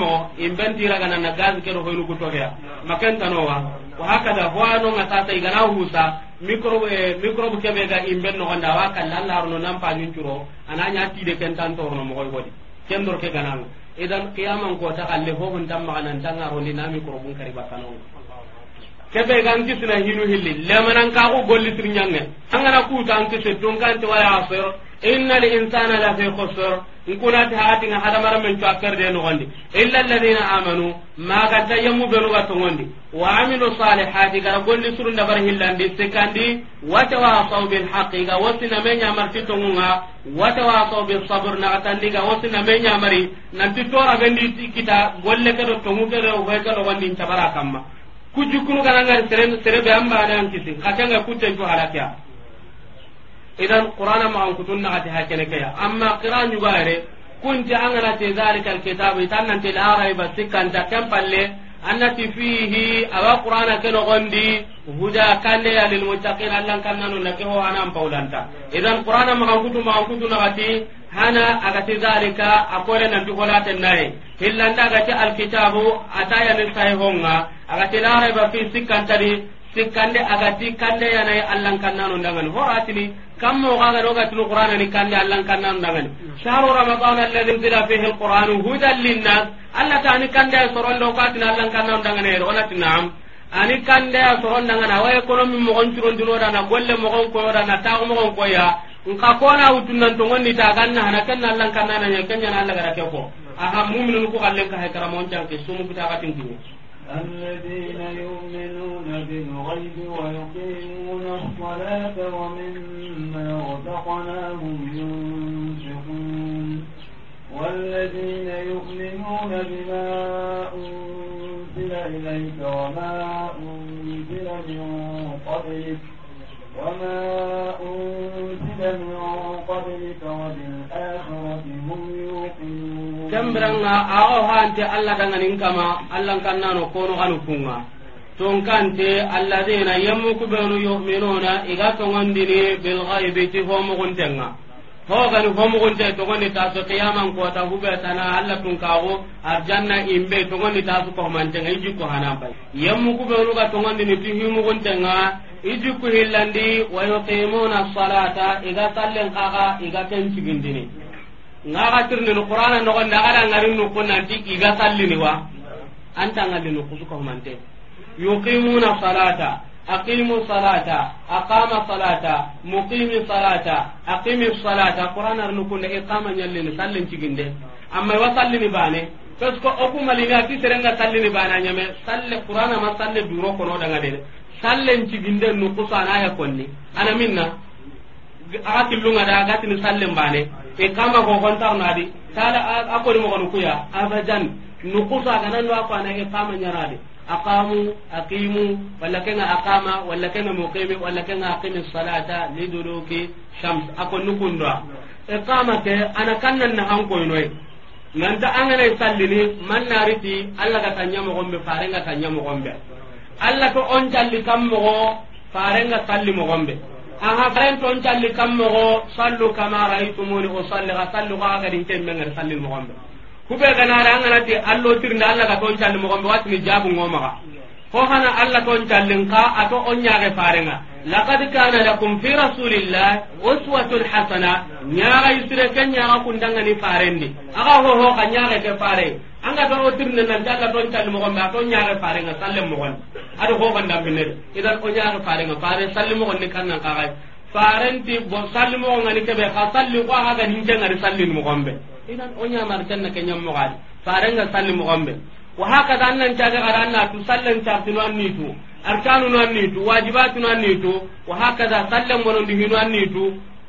mo imbe ra kana na gazi kero hoy ku tokea makan tanowa wa hakada hoano ngata ta igana husa microbe mikro eh, bu kebe ga imbe no ganda wa kala no nan pa nyun curo ananya ti de tan torno mo hoy godi kendor ke ganan idan qiyaman ko ta kalle ho hun tamma kanan tanga rondi na bun kari bakano kebe gan kisna hinu hilli lemanan ka ko golli tirnyange angana ku ta an se don kan to ya asir innal insana la fi khusr in kuna ta hati na hada maram men to akar de no gondi illa alladhina amanu ma ga tayammu be no gato gondi wa amilu salihati ga golli surun da bar hillandi sekandi wa tawasaw bil haqqi ga wasina men ya marti to ngunga wa tawasaw bis sabr na atandi ga wasina men ya mari nan ti tora bendi kita golle ka do to ngunga ro ko ka gondi tabara kamma ku jukunu kana sere serebe serebe amba ne an kisi katanga kutten to halakya idan qur'ana ma an kutun na ati hakene kaya amma qira'an yugare kunti angana te zalika alkitabu tannan te laara iba sikkan ta kempalle annati fihi awa qur'ana keno gondi huda kande ya lil muttaqin allan kannanu lake ho anam paulanta idan qur'ana ma an kutu ma an na ati hana agati zalika akore bi holaten naye hillanda agati alkitabu atayani sahihonga agati la raiba fi sikkantadi sikkande agati kande yanayi allankannanu dangani ho atini mo gaga roga gatinu qur'ana ni kande allankannanu dangani shahru ramadan alladhi zila fihi alqur'anu hudan linnas alla ni kande sorondo katina allankannanu dangani onati na'am ani kande sorondangana wa economy mogon dana golle ta mo gon ko koya nka kona wutunnan tongonni ta ganna hana kenna allan kanna na nya kenya na allah gara ke ko aha mu'minun ku kallen ka hay karamon jang ke sumu kita katin ku الذين يؤمنون بالغيب ويقيمون الصلاة ومما رزقناهم ينفقون والذين يؤمنون بما أنزل إليك وما أنزل من قبلك وما أنزل من قبلك وبالآخرة هم يوقنون كم برنا أعوها أنت ألا دنغن كما ألا كنا نكون غنكونا tun kante alladina yammuku benu yu'minuna iga tongondini bilghaibi ti homuguntenga hogani homugunte togoni taso qiyaman kota hubetana alla tunkago arjanna imbe togoni taso kohmantenga ijikko hanabai yammuku benuga togondini ti himuguntenga ijikku hillandi wa yuqimuna salata iga sallen kaga iga ken cigindini ngaga tirni qur'ana no gonda kada ngarin no kunanti iga sallini wa anta ngalini kusuka humante yuqimuna salata aqimu salata aqama salata muqimi salata aqimi salata qur'ana no kunna iqama nyallini sallen ciginde amma wa sallini bane parce que oku malini ati serenga sallini bana nyame salle qur'ana ma salle duro kono daga de sallen nu nuku sana ya konni ana minna aga killunga da aga tini sallen bane e kama ko kon tarna di sala ni mo kuya abajan nu nuku sa kana no akwana e kama nyarade aqamu aqimu walla kenga aqama walla kenga muqimi walla kenga aqimi salata liduruki shams akonu kundwa e kama ke ana kannan na hankoynoy nanta angana e sallini man nariti alla ga tanya mo gombe fare ga tanya mo gombe allah to on jalli kam mogo farenga salli mogonɓe aha faren to on jalli kam mogo sallu kama raitumuni salli ka sallu ka gadin kemmengeri salli mogonɓe kuɓe ganare anganati allotirnde allah ga to on calli mogonɓe watini jabu ngomaga ko hana allah to on callin ka ato on ñaage farenga laqad kana lakum fi rasulillah uswatun hasana ñaaga yusire ke ñaaga kundangani farendi aga hoho ka ñaage ke fare anga tono tirne nan talla ton tan mo gombe aton nyaare faare nga salle mo gon ado ko ganda binne idan o nyaare fare nga faare salle mo gon ni kan nan kaay farenti bo salle mo ngani kebe ka salle ko ha ga ninja ngari salle mo gombe idan o nyaamar tan na kenyam mo gal fare nga salle mo gombe wa haka dan nan jaga garan na tu sallan chartinu an tu arkanu an nitu wajibatu an nitu wa haka da sallan mo non di hinu an nitu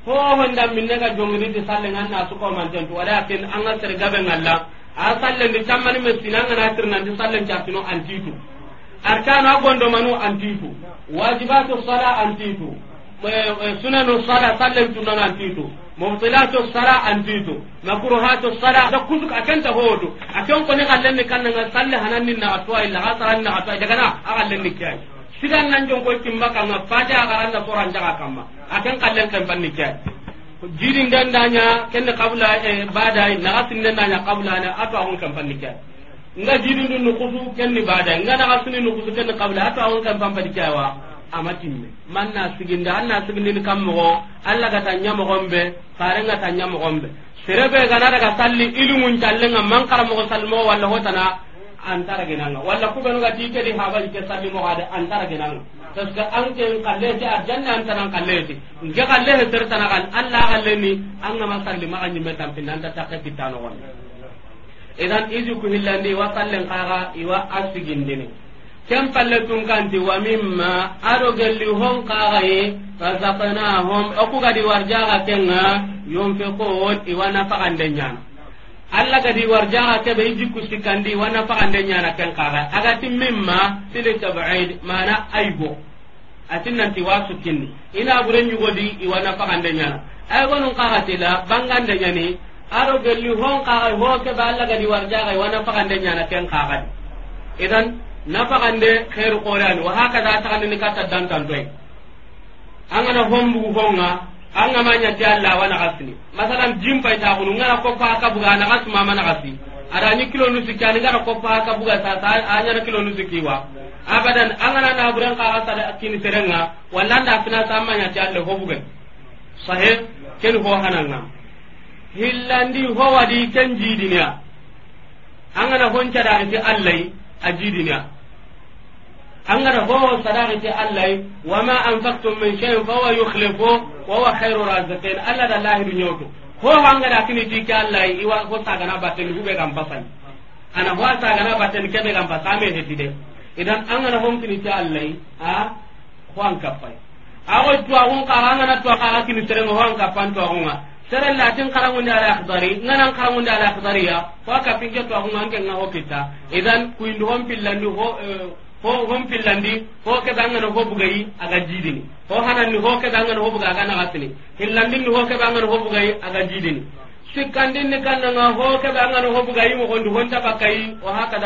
ho ho ndam minne ga jongri di sallan an na su ko man tan walakin an ga sergabe ngalla a sallen di tammani me sinan ngana tirnandi sallen catino antitu arkanu a gondomanu antitu wajibatu sala antitu sunanu sala sallen tunano antitu mubtilatu sala antitu makruhatu sala da kusuk akenta hodu aken koni gallenni kannanga salle hananni naxatuwa illa xa saranni naxatuwa na a gallenni kiyai sigan nan jonkoy kimma kanga fati a garanda soranjaga kamma aken kallen kempanni kiyai jidin dan danya kenne qabla e eh, bada na asin dan danya qabla na ato ahun kan pandika nga jidin dun no kusu kenne bada nga na asin no kusu kenne qabla ato ahun kan pandika wa amatin man na siginda an na sigindin kam mo alla ga tanya mo gombe fare nga tanya mo gombe serebe ga na daga salli ilumun tallenga man karamu salmo wala hotana antara genanga walla kubenu ga tike di haba ike salli mo ada antara genanga parce que an ke kalle ti arjanna antara kalle ti nge kalle he ter tanakan alla kalle ni anga ma salli ma anyi metam pin anta takka kitano wan idan izu ku hillandi wa sallen kaga iwa asigindini kem palle tun kanti wa mimma ado gelli hon kaga ye razaqnahum oku ga di warjaga kenga yunfiqun iwa nafaqan denyana alla gadi warjaxa keɓe i jikku sikkandi wana faxande ñana ken kaxa agati mimma sili tabaid mana aygo ati nanti wa sukkinni ina ɓure ñugodi iwana faxande ñana aygo nun kaxatila bangande ñani aro gelli hon kaxay ho keɓe alla gadi warjaxay wana faxande ñana ken kaxadi idan nafaxande xeeru ani wa hakada taxandini katta dantantoy angana hombugu honga an ga manya ti Allah wa nagasni masalan jim pai ta hunu ngara ko fa ka buga nagas ma ma nagasi ada ni kilo nusu ni ngara ko fa ka buga sa sa anya kilo nusu kiwa abadan an ga na buran ka asa kini serenga wallan da fina sa manya ti Allah ko buga sahih ken ho hananga hillandi ho wadi ken jidiniya an ga na honca da ti Allah a jidiniya ko ho sadaqati allah wa ma anfaqtum min shay'in fa huwa yukhlifu wa huwa khayrul raziqin allah da lahiru nyoto ho da kini tike allah iwa ho sagana ni hube gam basani ana ho sagana batten kebe gam basame dide idan an angara hom kini ti allah a ko an kapai ago tuwa ka kara ngana tuwa kara kini serengo ho an kapan tuwa gonga sere latin karangundi ala akhdari nganan karangundi ala ya ho ka pinje tuwa gonga ngenga ho kita idan kuindu hom pillandi ho ho hon pillandi ho ke dangana ho bugayi aga jidini ho hanani ho ke dangana ho buga aga nagasini hillandini ho ke dangana ho bugayi aga jidini sikkandinni kannanga ho ke dangana ho bugayi mo honta o honta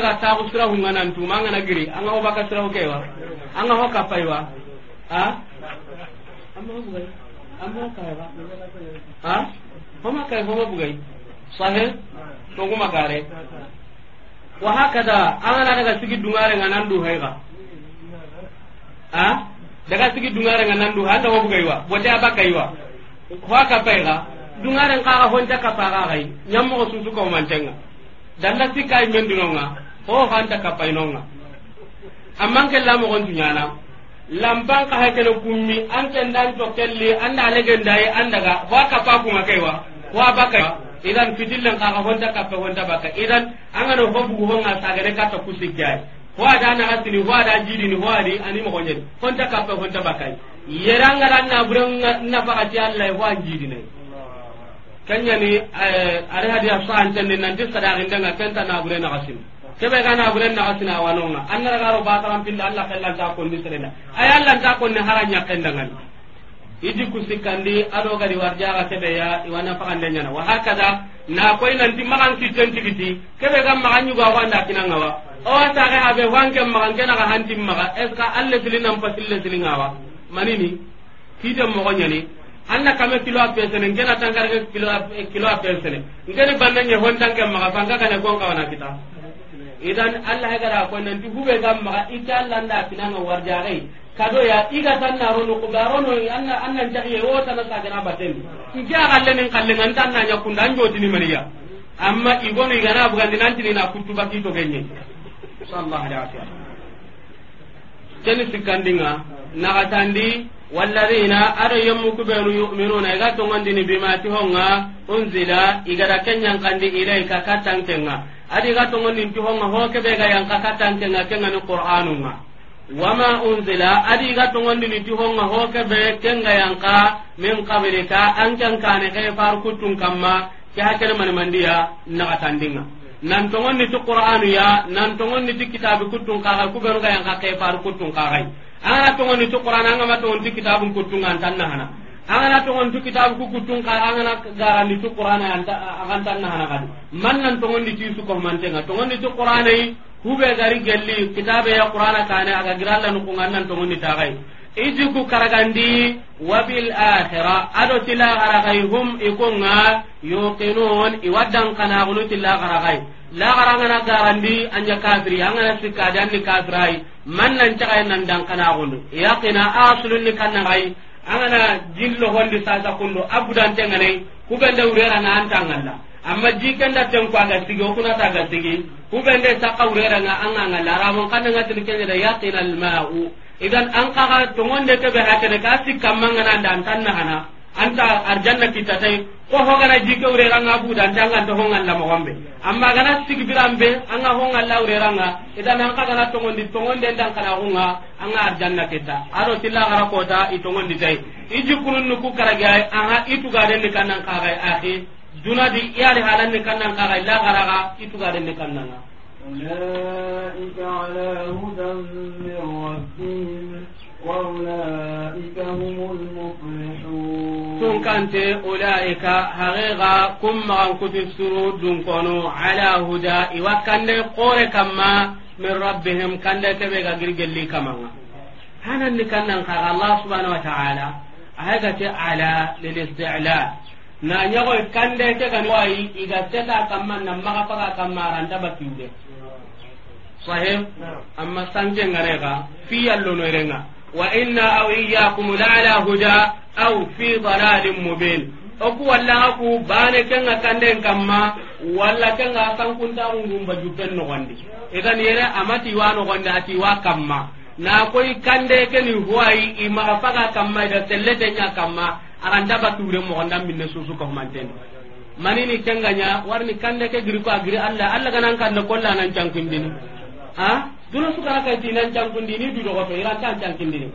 daga mangana giri anga ho baka ho anga ho wa amma ho bugayi amma ho kaya bugayi sahe kare wa hakada angana daga sigi dungare nganan nan duhay ga ha daga sigi dungare nga nan du handa wabu bugai wa bote abakai wa ka pai ga dungare ka ga honta ka pa ga gai nyammo ko susu ko mantenga sika i men dunonga ho handa ka pai nonga amman ke lamo gon tunyana lambang ka hakele kummi an ken dan to kelli anda legendai an daga wa ka pa kuma kai wa wa idan fitillen ka honda kappe honda baka idan anga no hobu go nga sagare kata kusikai ko ada na hasini ho ada jidi ni ho ni ani mo gonyen honda kappe honda baka yeranga ran na buren na fakati Allah ho jidi ne kanya ni are hadi afsan tan ni nan dista da ginda na kanta na buren na hasin kebe ga na buren na an awanonga ga ro ba taram pinda Allah kallan ta sere na ay Allah ta ni haranya kendangan iji kusikandi ado gadi warjaga kebe ya iwana pakande nyana wa hakada na koy nanti makan kitten tigiti kebe gam makan yugo ko anda kinanga wa o asage habe wanke makan kena ka hantim maka eska alle silinam pasille silinga wa manini kite mo gonyani anna kame kilo a pesene ngena tangar ke kilo a eh, kilo a pesene ngene banna nye hon tanke maka banga kana gonga wana kita idan allah gara ko nanti hube gam maka ita allah nda kinanga warjaga kadoya iga tan naro no ko baro no anna anna jahiye wo tan sa gana baten ija galle nin kalle nan tan nanya kun dan jodi ni maniya amma igono igana bugan dinan tin na kutu baki to genye sallallahu alaihi wasallam jeni sikandinga nagatandi walladina ado yommukubenu yuminuna iga tongondini bimati honga unzila honga ho wama unzila adi ga tongondi ni tihonga be min an kan far ke man na tandinga nan to ya nan ka ku ga far ka ana to qur'an ma hana ku ka to hana man nan ti su ko to kube gari gelli kitabe ya qur'ana kane aga giralla nu kungan nan to ngoni tagai ijigu karagandi wabil akhira ado tila garagai hum ikunga yuqinun iwaddan kana gunu tila garagai la garangana garandi anya kafiri angana sikka dan ni kafirai man nan tagai nan dan kana gunu yaqina aslun ni kana gai angana jillo hondi sasa kundu abudan tengane kubende urera na antangalla amma jikenda ten ko aga sigi okuna ta aga sigi kubende saka urera nga anga nga laramo kanna nga tin kenya da yaqina al ma'u idan an kaga tongonde ke be hakene ka kasi manga nan dan na hana anta arjanna kita tai ko hogana jike urera nga bu dan janga to hon Allah mo gombe amma gana sigi birambe anga honga la urera nga idan an kaga na tongondi tongonde dan kana honga anga arjanna kita aro tilla gara kota itongondi tay iji kunun nuku karaga aha itu gaden kanan kaga akhi duna di iyari halan ni kannan kaga illa garaga itu gare ni kannan na ulaika ala hudan min rabbihim wa ulaika humul muflihun tun kante ulaika haqiqa kum ma an kutisuru dun kono ala huda iwa kande qore kamma min rabbihim kande tebe ga girgelli kamanga hanan ni kannan kaga allah subhanahu wa ta'ala ahaga ala lil isti'la na ñagoy kande ke gani wayi iga seta kamma na maga faga kamma aranta batiude sahe amma sanke ngarega fi yallono renga wa inna aw iyyakum la'ala huda aw fi dalalin mubin oku walla aku bane kenga kanden kamma walla kenga sankuntarungumba juppen nogondi igan yere amati wa nogondi ati wa kamma na koy kande keni huwayi imaga faga kamma ida sellete ña kamma mo bature min ne susu mani ni kenganya warni kande ke giri ko agiri allah allah ganan kande kolla nan cankundini ha duna sukana kayti nan cankundini du tan iranta cankundini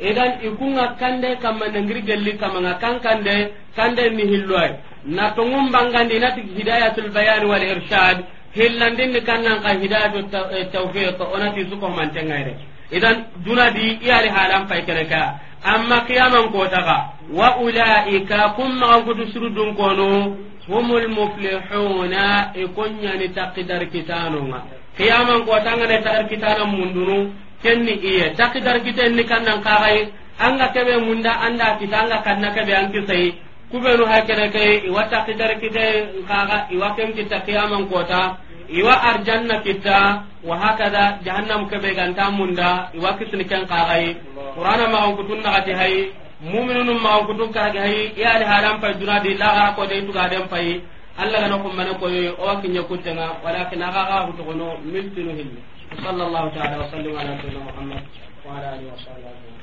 idan ikunga kande kamma nangiri gelli kamanga kan kande kande ni hilloy na ngum bangandi nati hidayatul bayan wal irshad hillandin ni nan ka hidayatul eh, tawfiq onati suko manten tengayre idan duna di iyali halan pay kereka. amma kiyaman kotaga wa ulaika kumma kutu surudun kono humul muflihuna e kitano taqidar kitanunga kiyaman kotanga ne taqidar kitano mundunu kenni iye taqidar kitenni kannan kagai anga kebe munda anda kitanga kanna kebe anki sai kubenu hakere kai iwa taqidar kite kaaga iwa ken kita kota iwa arjanna kita wa hakada jahannam ke be ganta munda iwa kisni kan qagai qur'ana ma on kutun na gati hay mu'minun ma on kutun ka ga hay ya al haram pa duna di la ko de tu ga dem pai alla ga no ko man ko o ki nyaku kinya kutenga walakin aga ga hutu no miltinu hilli sallallahu ta'ala wa sallam ala sayyidina muhammad wa ala alihi wa sahbihi